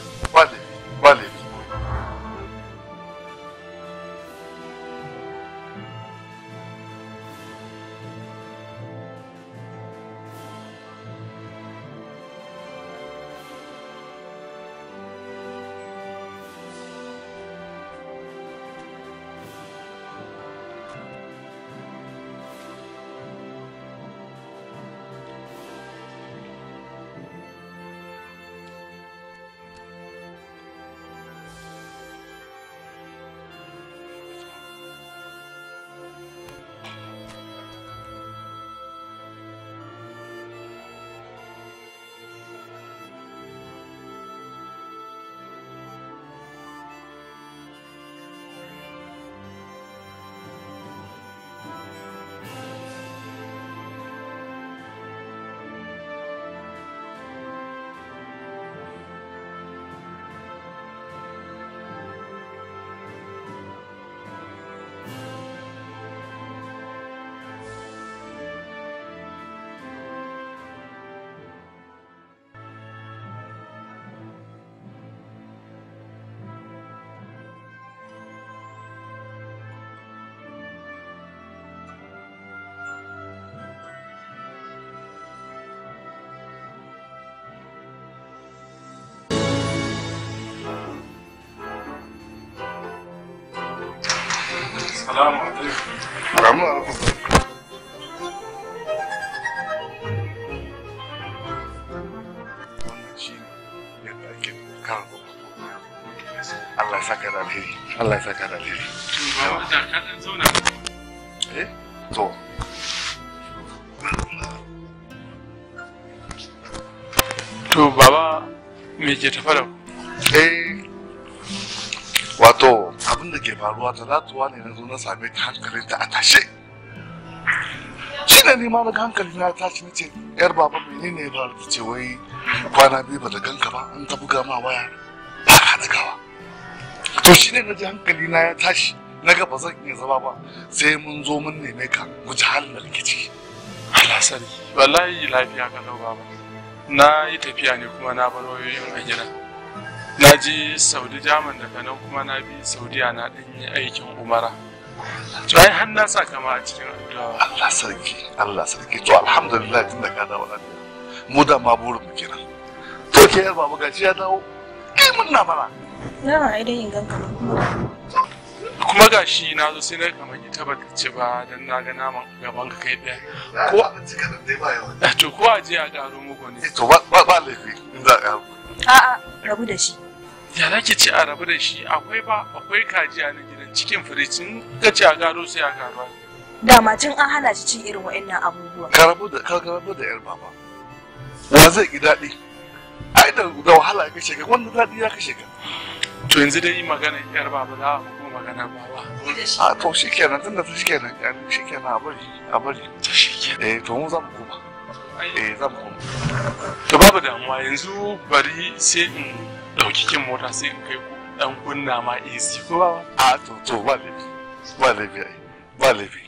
Come on. Allah saka da alheri. Allah saka da alheri. Eh? To. To baba me ke da Eh. Wato abin da ke faruwa talatuwa ne na zo na same ta hankalinta a tashe shi ne nima na hankali na tashi na ce yar baba mene ne ba ta ce wai kwana biyu ba da ganka ba an ta buga ma waya ba ka gawa. to shi ne na ji hankali na ya tashi na ga ba zan iya zama ba sai mun zo mun neme ka guji halin da kake ciki Allah sani wallahi lafiya ka lau baba na yi tafiya ne kuma na bar wayoyin a gida na je saudi jaman daga nan kuma na bi saudiya na ɗin yi aikin umara to ai har na sa kama a cikin addu'a Allah sarki Allah sarki to alhamdulillah tun da ka dawo nan mu da ma burin mu kenan to ke yar babu gashi ya dawo kai mun na mana na ai dai in ganka kuma gashi na zo sai na kamar ki tabbata ce ba don na ga naman gaban ka kai ɗaya. Ko a ci kanan dai ba yawa. Eh, to ko a je a ƙaro mu ne. Eh, to ba laifi in za a ƙaro. A'a rabu da shi. ya nake ci a rabu da shi akwai ba akwai kaji a gidan cikin firicin ka ci a gado sai a gado ma tun an hana shi cin irin wa'annan abubuwa ka rabu da ka rabu da yar baba wa zai ki daɗi ai da da wahala ya kashe ka wanda daɗi ya kashe ka to yanzu dai magana yar baba za a magana baba a ah, to shi kenan tunda shi kenan shi kenan a bari a bari shi eh to mu za mu koma eh za mu koma to babu damuwa yanzu bari sai in dauki kin mota sai in kai ku ɗan kunna ma AC ko ba? A to to ba laifi ba laifi ba laifi.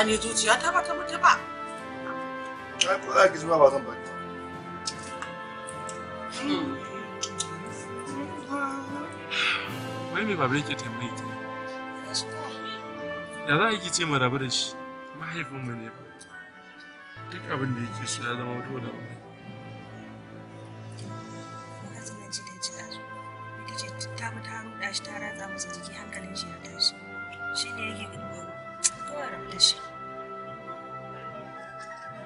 tsakani zuciya ta baka mutu ba. Ai ko za ki zuwa ba zan baki. Wai me ba bai ke tambayi ta? Ya za ki ce mu rabu da shi? Mahaifin mu ne ba. Duk abin da yake so ya zama dole.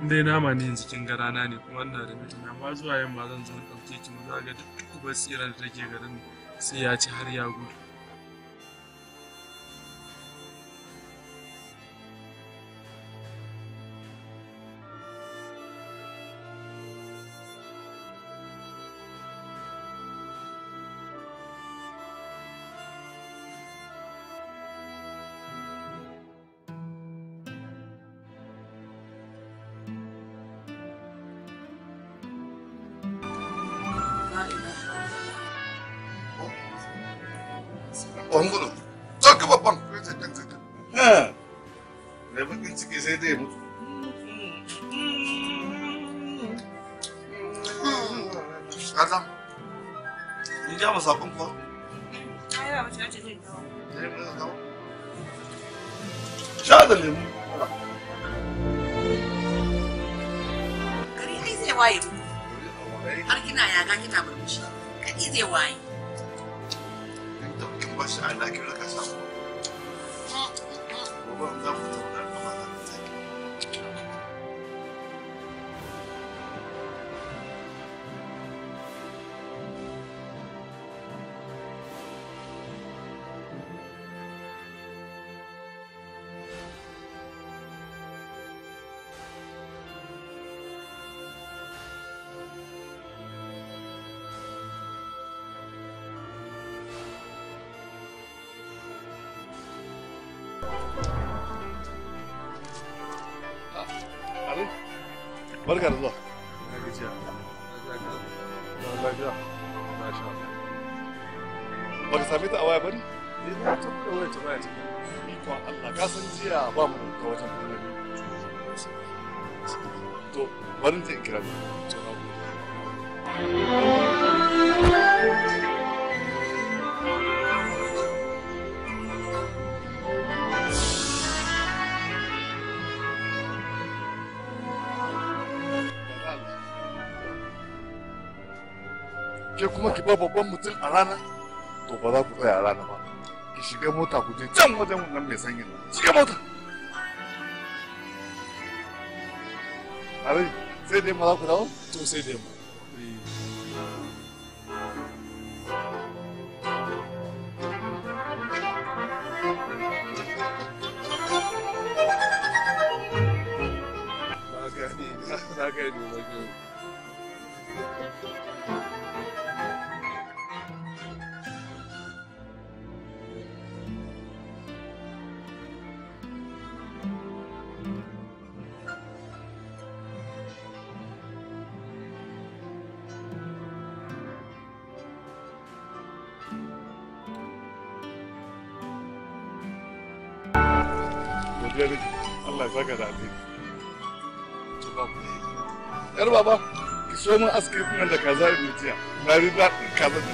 dai nama ne jikin garana ne kuma ina da na ba zuwa yamma zan zo ɗauke ki mu ga duk kubar tsirar da take garin sai ya ci har ya gudu masha Allah ki raka samu. What a cara, kuma ki ba babban mutum a rana to ba za ku tsaya a rana ba ki shiga mota ku je can wajen wannan mai sanyin shiga mota a sai dai ma za ku dawo to sai dai ma mun aska nan da kaza da jiya na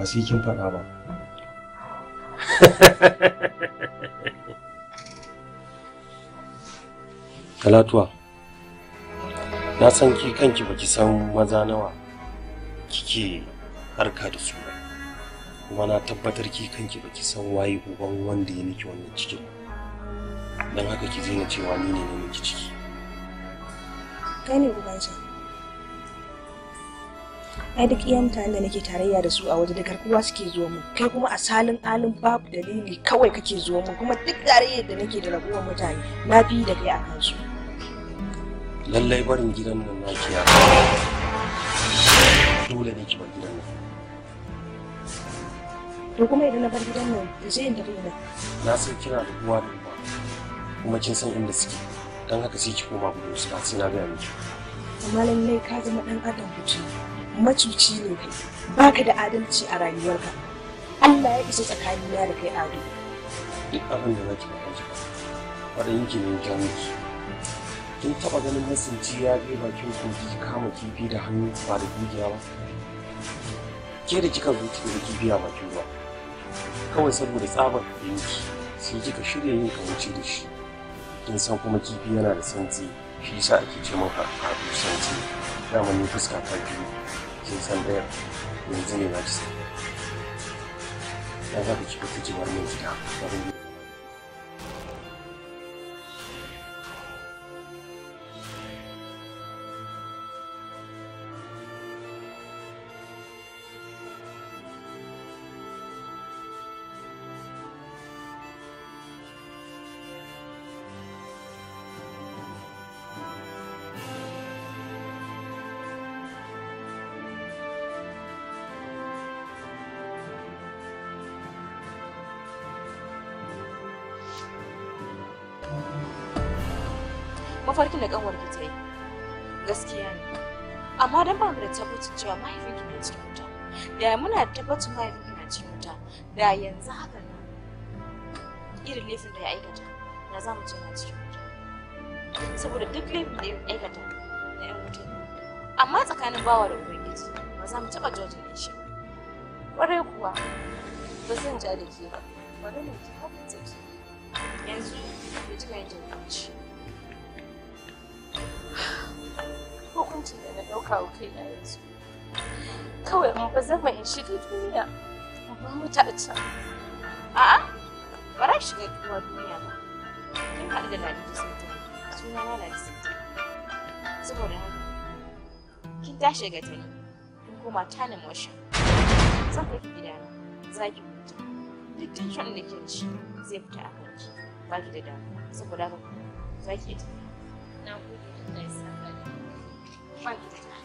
ba yi kin faɗa ba (laughs) talatuwa na san ki kanki baki san maza nawa kike harka da su kuma na tabbatar ki kanki baki san waye uban wanda ya miki wannan cikin don haka ki zina cewa ni ne na miki ciki kai ne ubansa ai duk iya mutanen da nake tarayya da su a waje da karkuwa suke zuwa mu kai kuma a salin alin babu dalili kawai kake zuwa mu kuma duk tarayyar da nake da raguwar mutane na bi da kai a kansu lallai barin gidan nan na kiya dole ne ki bar gidan nan to kuma idan na bar gidan nan da sai in tafi ina na san kina da uwa da uba kuma kin san inda suke dan haka sai ki koma gudu su sai na ga miki amma lallai ka zama dan adam kuce macuci ne kai baka da adalci a rayuwarka Allah ya isa tsakanina da kai ado duk abin da zaki faɗa ki faɗin ki ne kan ki kin taɓa ganin musunci ya je bakin kogi kama kifi da hannu ba da dukiya ba ke da kika zo cikin kifi a bakin ba kawai saboda tsabar ɗinki sai kika shirya yin kawanci da shi kin san kuma kifi yana da santsi shi yasa ake ce maka ado santsi dama ni fuska ta biyu kin san ɗaya yanzu ne na mafarkin da kanwar ki ta yi gaskiya ne amma dan ba mu da tabbacin cewa mahaifin ki na cikin wuta da muna da tabbacin mahaifin ki na cikin wuta da yanzu haka nan irin laifin da ya aikata na za mu ce na cikin wuta saboda duk laifin da ya aikata na yan wuta amma tsakanin bawa da ubangiji ba za mu taɓa jajin shi ba kuwa ba zan ja da ke ba bari mu ji hakan take yanzu ya ji mai jin hukuncin da na ɗauka wa kaina yanzu kawai in ba zama in shiga duniya in ba mata a can a'a ba za shiga kuma duniya ba kin haɗu da Ladidi Sinta suna na Ladidi Sinta saboda haka kin tashi ga tani kin koma ta tanin washa zan kai ki gidana za ki huta duk tension da ke ci zai fita a kanki ba ki da damuwa saboda haka za ki yi tafiya na gode da nisa 万岁！